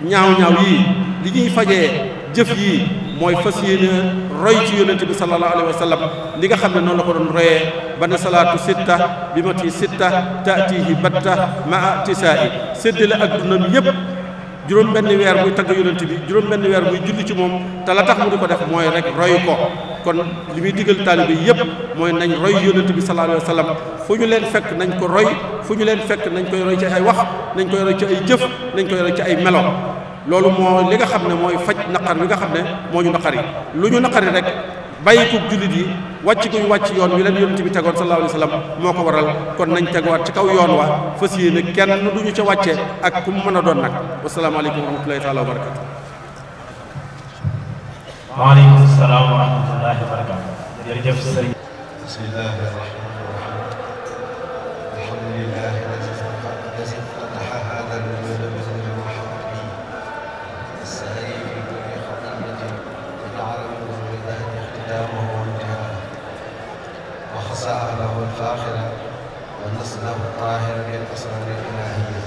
ñaaw-ñaaw yii li ñuy fajee jëf yii mooy fas yéene roy ci yónnente bi sallallahu alayhi wa sallam li nga xam ne noonu la ko doon royee ba ne salaatu sitta bi mati sitta taatihi batta ma tisaa i séddale ak dundam yépp juróom benn weer muy tagg yonent bi juróom benn weer muy julli ci moom te la tax mu di ko def mooy rek roy ko kon li muy digal taalibe yépp mooy nañ roy yonent bi sallallahu alayhi wa sallam fu ñu leen fekk nañ ko roy fu ñu leen fekk nañ koy roy ci ay wax nañ koy roy ci ay jëf nañ koy roy ci ay melo loolu moo li nga xam ne mooy faj naqar bi nga xam ne moo ñu naqari lu ñu naqari rek bàyyi ko jullit yi wàcc guñ wàcc yoon wi leen ci bi tegoon sallallahu alayhi wasallam moo ko waral kon nañ tegowaat ci kaw yoon wa fas yéene kenn du ñu ca wàcce ak ku mu mën a doon nag wasalaamaaleykum wa rahmatullahi taala wa barakatu waaleykum wa rahmatullahi وساح له الفاخرة ونسله الطاهر بالأسرار الإلهية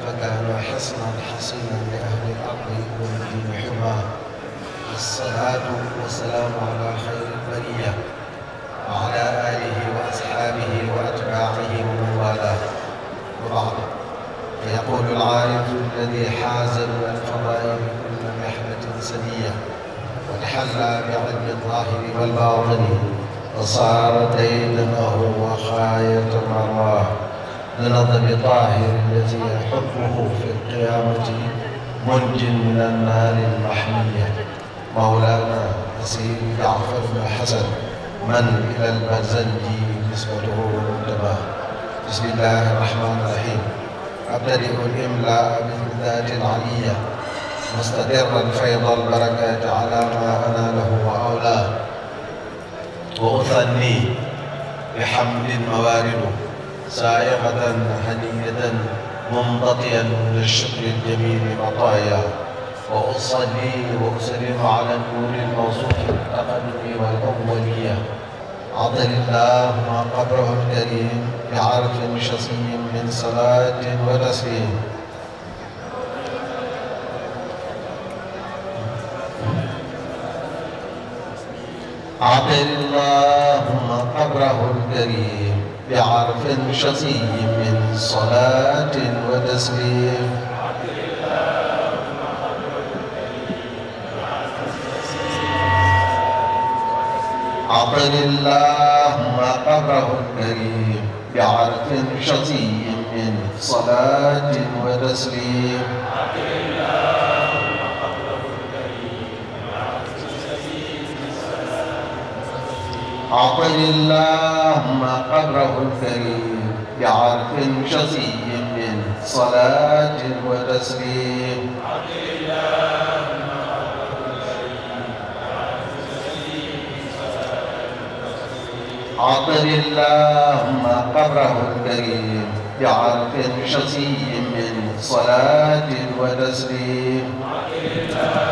فكانوا حصنا حصينا لأهل الأرض والدين حماه الصلاة والسلام على خير البرية وعلى آله وأصحابه وأتباعه ومن والاه وبعد فيقول العارف الذي حاز من الفضائل كل محنة سنية وتحلى بعلم الظاهر والباطن فصار ديدنه وخاية مراه لنظم طاهر التي حكمه في القيامة منج من النار المحمية مولانا أسير جعفر بن حسن من إلى البرزنجي نسبته منتبه بسم الله الرحمن الرحيم أبتدئ الإملاء بالذات العلية مستدرا فيض البركات على ما أناله وأولاه وأثني بحمد موارد سائغة هنية منبطيا للشكر الجميل مطايا وأصلي وأسلم على النور الموصوف بالتقدم والأولية عطل الله ما قدره الكريم بعرف شصي من صلاة وتسليم عدل اللهم قبره الكريم بعرف شقي من صلاة وتسليم عطل اللهم قبره الكريم بعرف شقي من صلاة وتسليم أعطني اللهم قدره الكريم بعرف شصي من صلاة وتسليم أعطني اللهم قبره الكريم بعرف شصي من صلاة وتسليم أعطني اللهم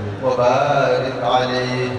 وبارك عليه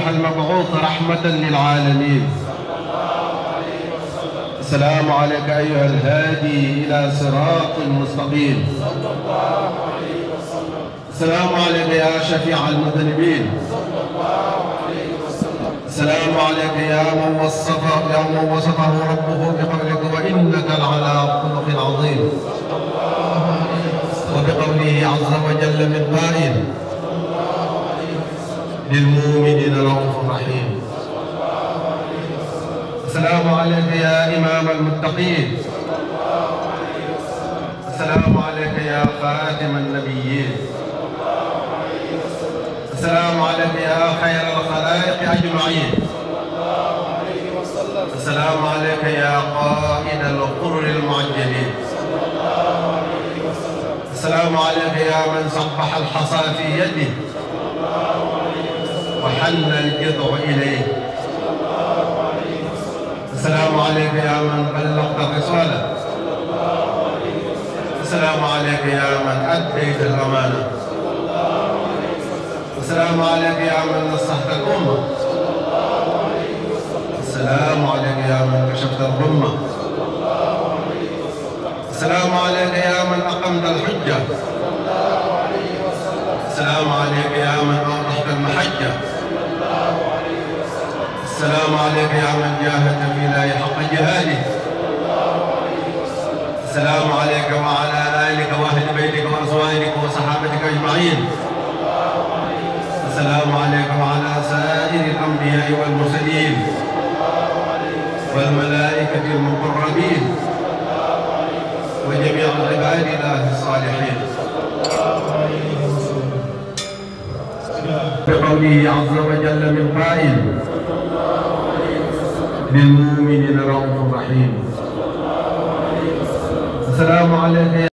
أيها المبعوث رحمة للعالمين السلام عليك أيها الهادي إلى صراط مستقيم السلام عليك يا شفيع المذنبين السلام عليك يا من وصف يا من وصفه ربه بقولك وإنك لعلى خلق عظيم وبقوله عز وجل من قائل بالمؤمنين رؤوف رحيم السلام عليك يا إمام المتقين السلام عليك يا خاتم النبيين السلام عليك يا خير الخلائق أجمعين السلام عليك يا قائد القر المعجلين السلام عليك يا من صبح الحصى في يده وحل الجذع إليه السلام عليك يا من بلغت الرسالة السلام عليك يا من أديت الأمانة السلام عليك يا من نصحت الأمة السلام عليك يا من كشفت الغمة السلام عليك يا من أقمت الحجة السلام عليك يا من أوضحت المحجة السلام عليك يا من جاهد في الله حق جهاده السلام عليك وعلى آلك وأهل بيتك وأزواجك وصحابتك أجمعين السلام عليك وعلى سائر الأنبياء والمرسلين والملائكة المقربين وجميع عباد الله الصالحين بقوله عز وجل من قائل بالمؤمنين رؤوف رحيم السلام عليك